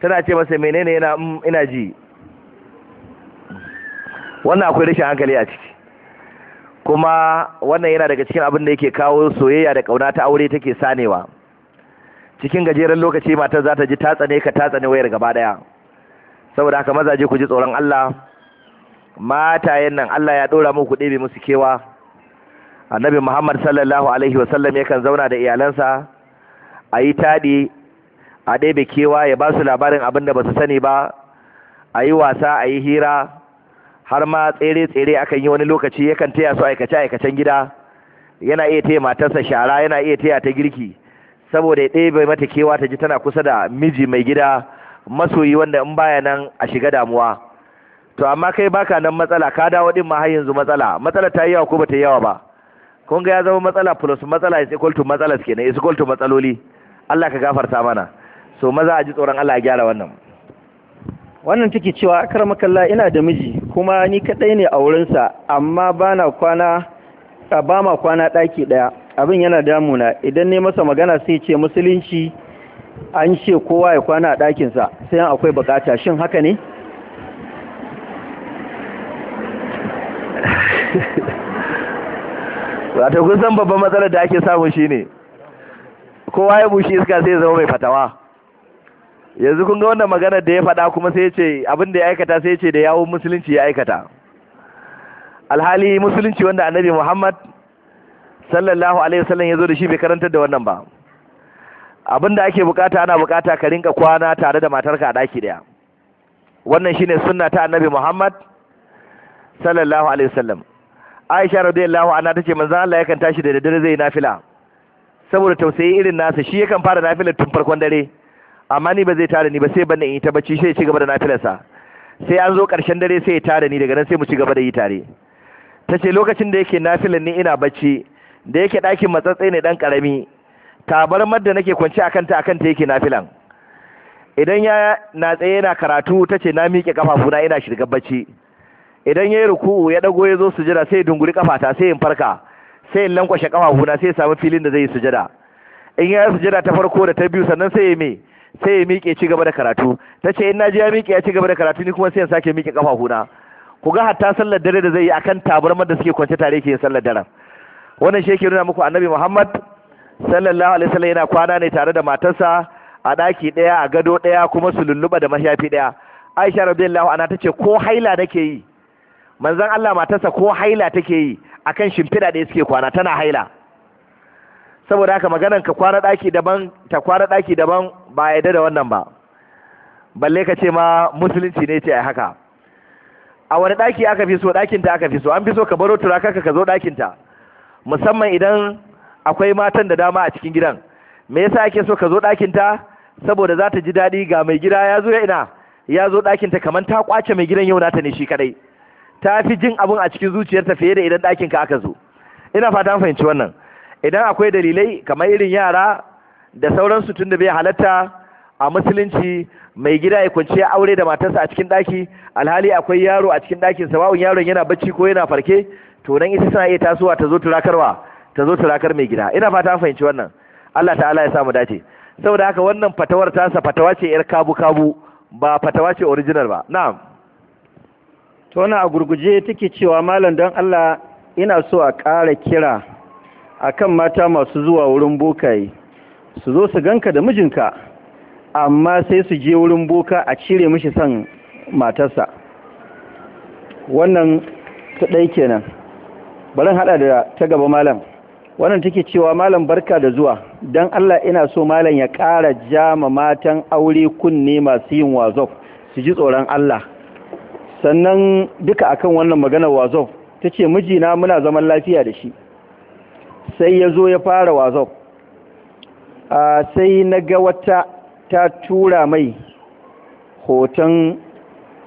tana ce masa menene yana mm, ina ji wannan akwai rashin hankali a ciki kuma wannan yana daga cikin abin da yake kawo soyayya da kauna ta aure take sanewa cikin gajeren lokaci matar za ta ji ta tsane ka ta tsane wayar gaba daya saboda haka mazaje ku ji tsoron Allah matayen nan Allah ya dora muku ɗebe musu kewa annabi Muhammad sallallahu alaihi wa sallam yakan zauna da iyalansa a yi taɗi a ɗebe kewa ya ba su labarin abin da ba su sani ba a yi wasa a yi hira har ma tsere-tsere akan yi wani lokaci yakan taya su aikace-aikacen gida yana iya taya matarsa shara yana iya taya ta girki saboda ya ɗebe mata kewa ta ji tana kusa da miji mai gida masoyi wanda in baya nan a shiga damuwa to amma kai baka nan matsala ka dawo din ma har yanzu matsala matsala ta yi yawa ko bata yi yawa ba kun ga ya zama matsala plus matsala is equal to matsala kenan is equal to matsaloli Allah ka gafarta mana so maza a ji tsoron Allah ya gyara wannan wannan take cewa kalla ina da miji kuma ni kadai ne a wurinsa amma bana kwana ba ma kwana daki daya abin yana damuna idan ne masa magana sai ce musulunci an ce kowa ya kwana a ɗakinsa sai akwai bukata shin haka ne? [laughs] wata kun san babban matsalar da ake samu shi ne kowa ya bushe iska sai zama mai fatawa yanzu kun ga wannan maganar da ya faɗa kuma sai ce abin da ya aikata sai ce da yawon musulunci ya aikata alhali musulunci wanda annabi muhammad sallallahu alaihi wasallam ya zo da shi bai karantar da wannan ba abinda ake bukata ana bukata ka rinka kwana tare da matarka a daki daya wannan shine sunna ta annabi Muhammad sallallahu alaihi wasallam Aisha radiyallahu anha tace manzo Allah yakan tashi da dare zai nafila saboda tausayi irin nasa shi yakan fara nafilar tun farkon dare amma ni ba zai tare ni ba sai ban in yi ta bacci sai ya ci gaba da nafilarsa sai an zo karshen dare sai ya tare ni daga nan sai mu ci gaba da yi tare tace lokacin da yake nafilar ni ina bacci da yake ɗakin matsatsai ne dan karami tabarmar da nake kwanci akan ta akan ta yake nafilan idan ya na tsaye yana karatu ta ce na miƙe na ina shirga bacci idan ya yi ruku'u ya dago ya zo sujada sai dunguri kafata sai in farka sai in lankwashe na sai ya samu filin da zai yi sujada in ya yi sujada ta farko da ta biyu sannan sai ya me sai ya miƙe ci gaba da karatu ta ce in na je ya miƙe ya ci gaba da karatu ni kuma sai in sake miƙe na ku ga hatta sallar dare da zai yi akan tabarmar da suke kwance tare ke yin sallar daren wannan shi yake nuna muku annabi muhammad sallallahu alaihi wasallam yana kwana ne tare da matarsa a daki ɗaya a gado daya kuma su lulluɓa da mashafi daya aisha radiyallahu anha tace ko haila nake yi manzon Allah matarsa ko haila take yi akan shimfida da suke kwana tana haila saboda haka maganan ka kwana ɗaki daban ta kwana ɗaki daban ba a da wannan ba balle ka ce ma musulunci ne ce a haka a wani ɗaki aka fi so ɗakinta aka fi so an fi so ka baro turakaka ka zo ɗakinta musamman idan akwai matan da dama a cikin gidan me yasa ake so ka zo ɗakin ta saboda za ta ji daɗi ga mai gida ya zo ya ina ya zo ɗakin ta kamar ta kwace mai gidan yau nata ne shi kadai ta fi jin abin a cikin zuciyarta fiye da idan ɗakin ka aka zo ina fata fahimci wannan idan akwai dalilai kamar irin yara da sauransu tunda bai halatta a musulunci mai gida ya ya aure da matarsa a cikin ɗaki alhali akwai yaro a cikin ɗakin sama'un yaron yana bacci ko yana farke to nan ita suna iya tasowa ta zo turakarwa ta zo turakar mai gida ina fata fahimci wannan Allah ta'ala ya sa dace saboda haka wannan fatawar tasa fatawa ce yar kabu kabu ba fatawa ce original ba na'am to na a gurguje take cewa malam dan Allah ina so a ƙara kira akan mata masu zuwa wurin bokaye su zo su ganka da mijinka amma sai su je wurin boka a cire mishi son matarsa wannan ta ɗai kenan bari haɗa da ta gaba malam wannan take cewa malam barka da zuwa don Allah ina so malam ya ƙara jama matan aure kunne masu yin wazof su ji tsoron Allah sannan duka akan wannan maganar wazof ta ce mijina muna zaman lafiya da shi sai ya zo ya fara wazof sai na ga wata ta tura mai hoton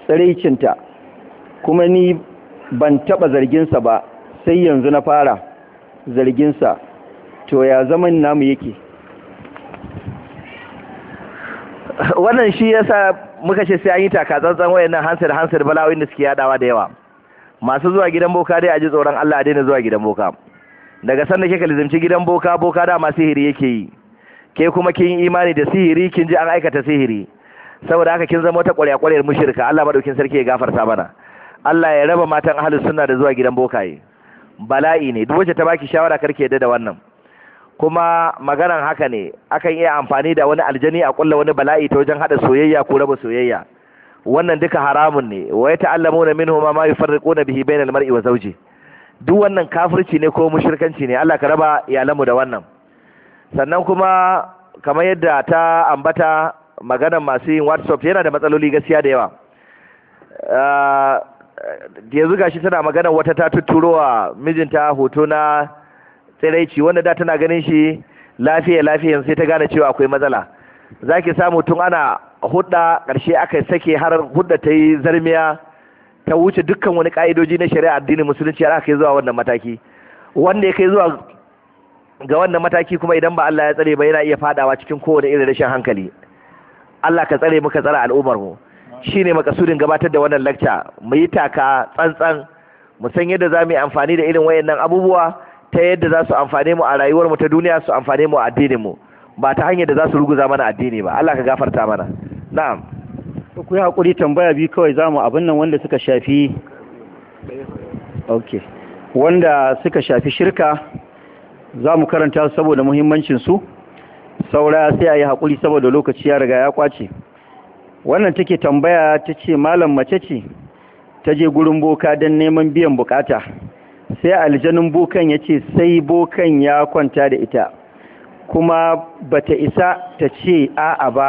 tsiraicinta kuma ni ban taɓa zarginsa ba sai yanzu na fara zarginsa to ya zaman namu yake wannan shi yasa muka ce sai an yi takatsantsan wayannan hansar hansar balawin da suke yadawa da yawa masu zuwa gidan boka dai a ji tsoron Allah a daina zuwa gidan boka daga sanda kika lizimci gidan boka boka da ma sihiri yake yi ke kuma kin yi imani da sihiri kin ji an aikata sihiri saboda haka kin zama wata ƙwarya-ƙwaryar mushirka Allah madaukin sarki ya gafarta mana Allah ya raba matan ahlus sunna da zuwa gidan bokaye bala'i ne duk wacce ta baki shawara karke da wannan kuma maganan haka ne akan iya amfani da wani aljani a kulla wani bala'i ta wajen hada soyayya ko raba soyayya wannan duka haramun ne wa ya ta'allamu na minhu ma yufarriquna bihi bainal mar'i wa zawji duk wannan kafirci ne ko mushrikanci ne Allah ka raba iyalanmu da wannan sannan kuma kamar yadda ta ambata maganan masu yin WhatsApp yana da matsaloli gaskiya da yawa ah, yanzu gashi tana magana wata ta tutturowa mijinta hoto na tsiraici wanda da tana ganin shi lafiya lafiya sai ta gane cewa akwai matsala zaki samu tun ana hudda karshe aka sake har hudda ta yi zarmiya ta wuce dukkan wani ka'idoji na shari'a addinin musulunci har aka kai zuwa wannan mataki wanda ya kai zuwa ga wannan mataki kuma idan ba Allah ya tsare ba yana iya fadawa cikin kowane irin rashin hankali Allah ka tsare mu ka tsare al'ummar mu Shi ne makasudin gabatar da wannan lakca mu yi taka tsantsan mu san yadda za mu yi amfani da irin wayannan abubuwa ta yadda za su amfane mu a rayuwar mu ta duniya su amfane mu a addinin mu ba ta hanyar da za su ruguza mana addini ba Allah ka gafarta mana na'am ku yi hakuri tambaya biyu kawai mu abin nan wanda suka shafi okay wanda suka shafi shirka mu karanta saboda muhimmancin su saura sai a yi hakuri saboda lokaci ya riga ya kwace wannan take tambaya ta ce malam mace ce ta je gurin boka don neman biyan bukata sai aljanin bokan ya ce sai bokan ya kwanta da ita kuma bata isa ta ce a'a ba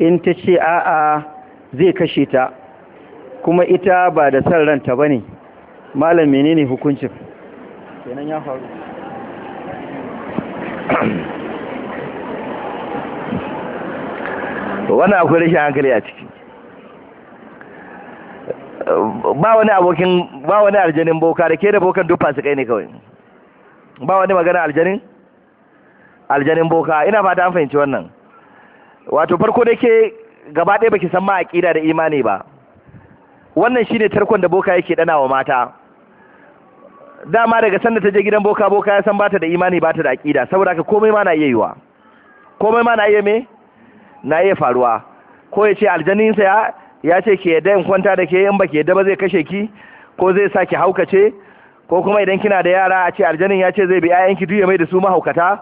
in ta ce a'a zai kashe ta kuma ita ba da san ranta ba ne malam menene hukuncin kenan [coughs] to wannan akwai rashin hankali a ciki ba wani abokin ba wani aljanin boka da ke da bokan duk fasikai ne kawai ba wani magana aljanin aljanin boka ina fata an fahimci wannan wato farko da ke gaba ɗaya baki san ma aƙida da imani ba wannan shine tarkon da boka yake dana wa mata dama daga sanda ta je gidan boka boka ya san bata da imani bata da aƙida saboda ka komai ma na iya yiwa komai ma na iya me na iya faruwa ko ya ce aljaninsa ya ya ce ke da yin kwanta da ke in ba ke daba zai kashe ki ko zai sa ki haukace ko kuma idan kina da yara a ce aljanin ya ce zai bi ayyanki duya mai da su mahaukata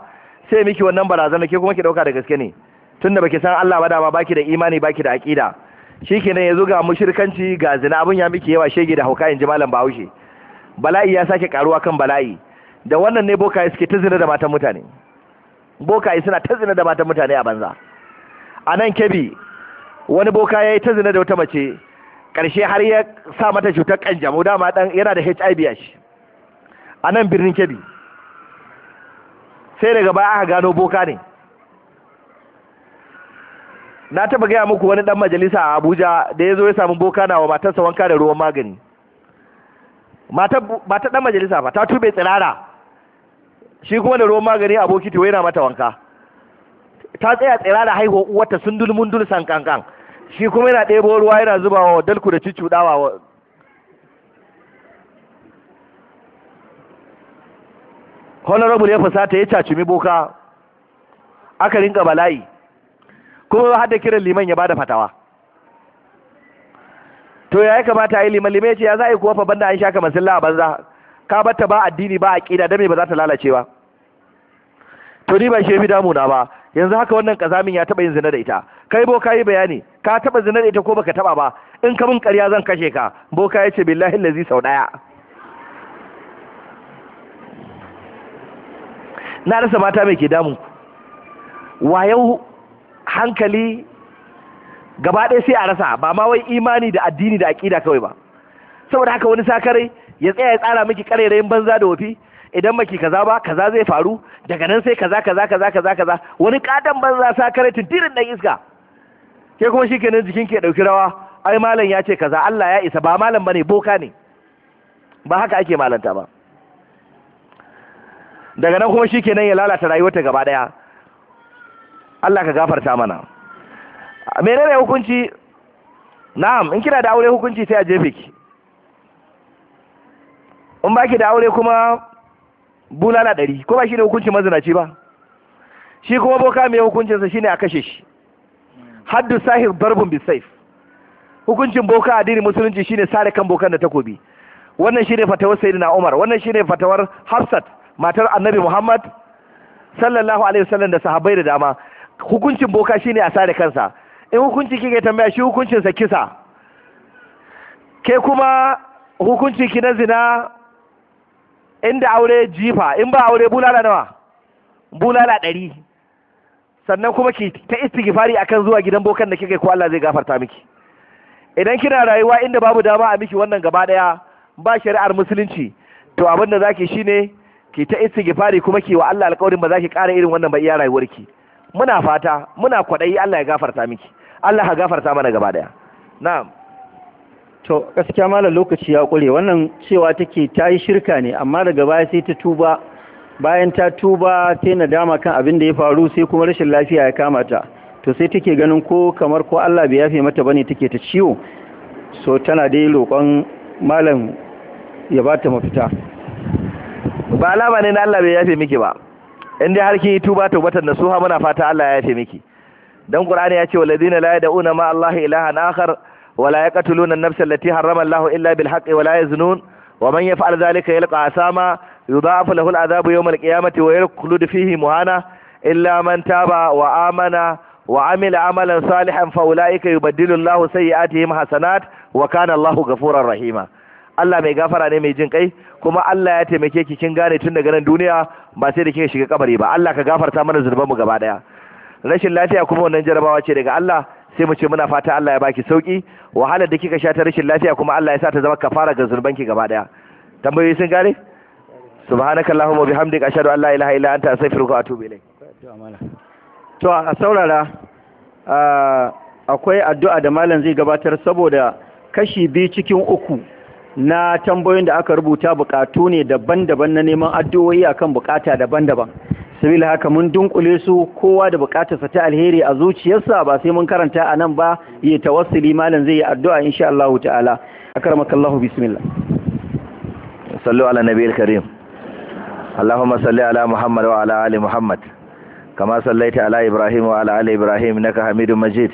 sai miki wannan da ke kuma ki dauka da gaske ne tun da baki san Allah ba dama baki da imani baki da aqida shikenan yanzu ga mushrikanci ga zina abun ya miki yawa shege da hauka in ji malam Bahaushe bala'i ya sake karuwa kan bala'i da wannan ne boka suke tazina da matan mutane bokaye suna ta da matan mutane a banza a nan kebi wani boka ya yi ta zina da wata mace ƙarshe har ya sa mata cutar ƙanjamau dama ɗan yana da hiv a shi a nan birnin kebi sai daga baya aka gano boka ne na taɓa gaya muku wani ɗan majalisa a abuja da ya zo ya samu boka na wa matarsa wanka da ruwan magani mata ɗan majalisa ba ta tube tsirara shi kuma da ruwan magani a bokiti na mata wanka ta tsaya tsira da haihuwa uwarta sun dulmun san kankan shi kuma yana ɗebo ruwa yana zuba wa dalku da cicudawa wa honorable ya fusata ya cacimi boka aka rinka bala'i kuma har da kiran liman ya bada fatawa to ya kamata a yi liman liman ya ce ya za a yi kuwa fa banda an sha kamar sallah a banza ka batta ba addini ba aqida dan me ba za ta lalace ba to ni ba shi fi damuna ba yanzu haka wannan kazamin ya taba yin zina da ita kai bo yi bayani ka taba zina da ita ko baka taba ba in ka mun ƙarya zan kashe ka boka kai ce billahi lazi sau daya na rasa mata mai ke damu wayau hankali gaba ɗaya sai a rasa ba ma wai imani da addini da aƙida kawai ba saboda haka wani sakarai ya tsaya ya tsara miki ƙarairayin banza da wafi idan maki kaza ba kaza zai faru daga nan sai kaza kaza kaza kaza kaza wani ban banza sa kare tintirin dan iska ke kuma shi kenan jikin ke dauki rawa ai malam ya ce kaza Allah ya isa ba malam bane boka ne ba haka ake malanta ba daga nan kuma shi kenan ya lalata rayuwarta gaba daya Allah ka gafarta mana menene hukunci na'am in kina da aure hukunci sai a jefe ki in baki da aure kuma bulala ɗari ko ba shi ne hukuncin mazinaci ba shi kuma boka mai hukuncinsa shi ne a kashe shi haddu sahir barbun bisaif hukuncin boka addinin musulunci shi ne sare kan bokan da takobi wannan shi ne fatawar sayyidina Umar wannan shi ne fatawar Hafsat matar Annabi Muhammad sallallahu alaihi wasallam da sahabbai da dama hukuncin boka ne a sare kansa in hukunci kike tambaya shi hukuncinsa kisa ke kuma hukunci ki na zina inda aure jifa in ba aure bulala nawa bulala ɗari sannan kuma ki ta istighfari akan zuwa gidan bokan da kike ko Allah zai gafarta miki idan kina rayuwa inda babu dama a miki wannan gaba daya ba shari'ar musulunci to abin da zaki ne ki ta istighfari kuma ki wa Allah alƙawarin ba zaki ƙara irin wannan ba iya rayuwarki muna fata muna kwaɗayi Allah ya gafarta miki Allah ya gafarta mana gaba daya na'am to gaskiya malam lokaci ya ƙure wannan cewa take ta yi shirka ne amma daga baya sai ta tuba bayan ta tuba sai nadama kan abin da ya faru sai kuma rashin lafiya ya kama ta to sai take ganin ko kamar ko Allah bai yafe mata bane take ta ciwo so tana dai loƙon malam ya ba ta mafita ba alama ne na Allah bai yafe miki ba in dai har ki tuba tawbatan nasuha muna fata Allah ya yafe miki dan Qur'ani ya ce walladina la da'una ma Allah ilahan akhar wala yaqtuluna na nafsa allati harrama Allah illa bilhaki haqqi wala yaznun wa man yaf'al dhalika yalqa asama yudha'afu lahu al-'adhabu yawm al-qiyamati wa yakhlud fihi muhana illa man taba wa amana wa amila amalan salihan fa ulaika yubaddilu Allahu sayyi'atihim hasanat wa kana Allahu rahima Allah mai gafara ne mai jin kuma Allah ya taimake ki kin gane tun daga nan duniya ba sai da kika shiga kabari ba Allah ka gafarta mana zunubanmu gaba daya rashin lafiya kuma wannan jarabawa ce daga Allah sai mu ce muna fata Allah ya baki sauki wahalar da kika sha ta rashin lafiya kuma Allah ya sa ta zama kafara ga ki gaba daya tambayoyi sun gane subhanakallahumma bihamdika ashhadu an la ilaha illa anta astaghfiruka wa atubu ilaik to a saurara akwai addu'a da malam zai gabatar saboda kashi biyu cikin uku na tambayoyin da aka rubuta bukatu ne daban-daban na neman addu'o'i akan bukata daban-daban sabila haka mun dunkule su kowa da bukatarsa ta alheri a zuciyarsa ba sai mun karanta a nan ba yi tawassuli malam zai yi addu'a insha Allah ta'ala akramakallahu bismillah sallu ala nabiyil karim allahumma salli ala muhammad wa ala ali muhammad kama sallaita ala ibrahim wa ala ali ibrahim innaka hamidum majid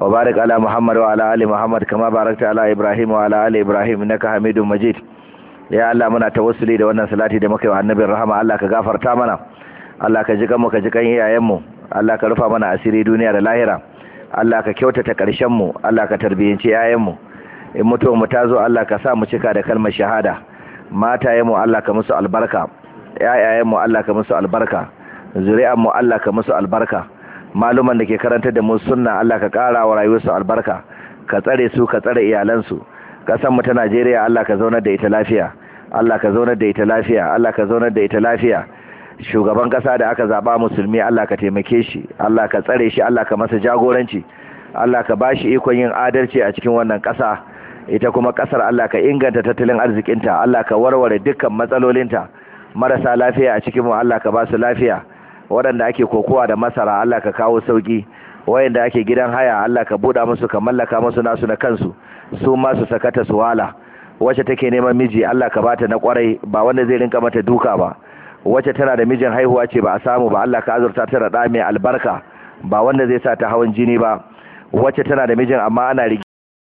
wa barik ala muhammad wa ala ali muhammad kama barakta ala ibrahim wa ala ali ibrahim innaka hamidum majid ya Allah muna tawassuli da wannan salati da muka yi wa annabin rahama Allah ka gafarta mana Allah ka ji kanmu ka ji kan iyayenmu Allah ka rufa mana asiri duniya da lahira Allah ka kyautata ƙarshenmu. mu Allah ka tarbiyyanci iyayenmu in mutuwar mu ta zo Allah ka sa mu cika da kalmar shahada matayenmu Allah ka musu albarka ƴaƴayenmu Allah ka musu albarka zuri'anmu mu Allah ka musu albarka maluman da ke karantar da mu sunna Allah ka ƙara wa rayuwarsu albarka ka tsare su ka tsare iyalansu kasan mu ta Najeriya Allah ka zaunar da ita lafiya Allah ka zaunar da ita lafiya Allah ka zaunar da ita lafiya shugaban kasa da aka zaba musulmi Allah ka taimake shi Allah ka tsare shi Allah ka masa jagoranci Allah ka shi ikon yin adalci a cikin wannan kasa ita kuma kasar Allah ka inganta tattalin arzikinta Allah ka warware dukkan matsalolinta marasa lafiya a cikin mu Allah ka basu lafiya waɗanda ake kokowa da masara Allah ka kawo sauki wayanda ake gidan haya Allah ka buɗa musu ka mallaka musu nasu na kansu su ma su sakata su wala wacce take neman miji Allah ka bata na kwarai ba wanda zai rinka mata duka ba wacce tana da mijin haihuwa ce ba a samu ba Allah ka azurta ta da mai albarka ba wanda zai sa ta hawan jini ba wacce tana da mijin amma ana